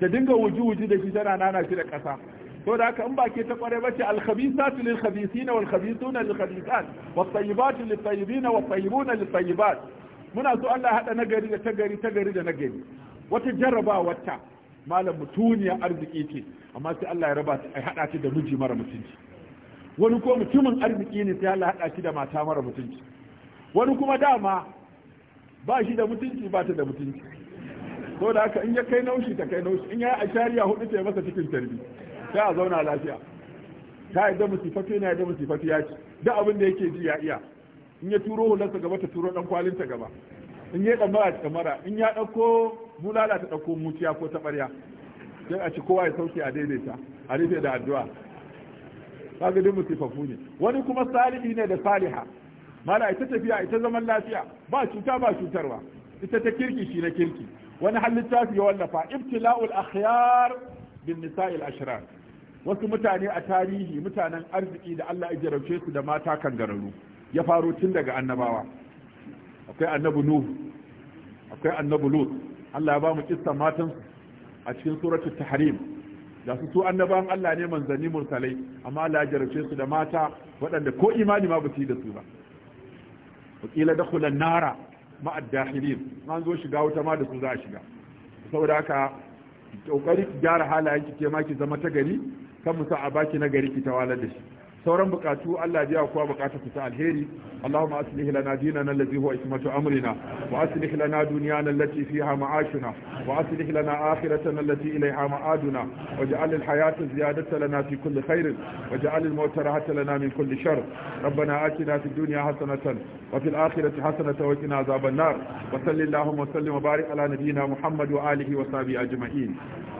ta dinga wuji-wuji da shi tana nana shi da ƙasa to da haka in ba ke ta kwarai ba ce alkhabisatu lil khabisin wal khabisuna lil khabisat wat tayyibatu lit tayyibin wat tayyibuna lit tayyibat muna so Allah hada gari da ta gari, ta gari da na gari. wata jaraba wata malam mutuniya arziki ce amma sai Allah ya raba ta hada ta da miji mara mutunci wani ko mutumin arziki ne sai Allah hada shi da mata mara mutunci wani kuma dama ba shi da mutunci ba ta da mutunci ko da haka in ya kai naushi ta kai naushi in ya yi a shari'a hudu ta yi masa cikin tarbi ta a zauna lafiya ta yadda na yana yadda musifatu ya ci duk abin da yake ji ya iya in ya turo hularsa gaba ta turo dan kwalinta gaba in ya damara ta kamara in ya dauko bulala ta dauko muciya ko tabarya sai a ci kowa ya sauke a daidaita a rufe da addu'a kaga duk musifafu ne wani kuma salihi ne da saliha mala ita tafiya ita zaman lafiya ba cuta ba cutarwa ita ta kirki shi na kirki wani hal littafi ya wallafa ibtila'ul akhyar bin nisa'il ashrar wasu mutane a tarihi mutanen arziki da Allah ya jarabce su da mata kangararru ya faro tun daga annabawa akwai annabi nuh akwai annabi lut Allah ya ba mu kissan matan a cikin suratul tahrim da su su annabawan Allah ne manzanni mursalai amma Allah ya jarabce su da mata waɗanda ko imani ma ba su yi da su ba wakila da kulan nara ma'adda dahilin an zo shiga wuta ma da su za a shiga saboda haka kokari ki gyara halayen ki ke ma ki zama ta gari kan musa a baki na gari ki tawalar da shi sauran bukatu Allah biya kuwa bukatu ta alheri Allahumma aslih lana dinana allazi huwa ismatu amrina wa aslih lana dunyana allati fiha ma'ashuna wa aslih lana akhiratana allati ilayha ma'aduna waj'al al-hayata ziyadatan lana fi kulli khairin waj'al al-mauta rahatan lana min kulli shar ربنا آتنا في الدنيا حسنة وفي الآخرة حسنة وقنا عذاب النار وصل اللهم وسلم وبارك على نبينا محمد وآله وصحبه أجمعين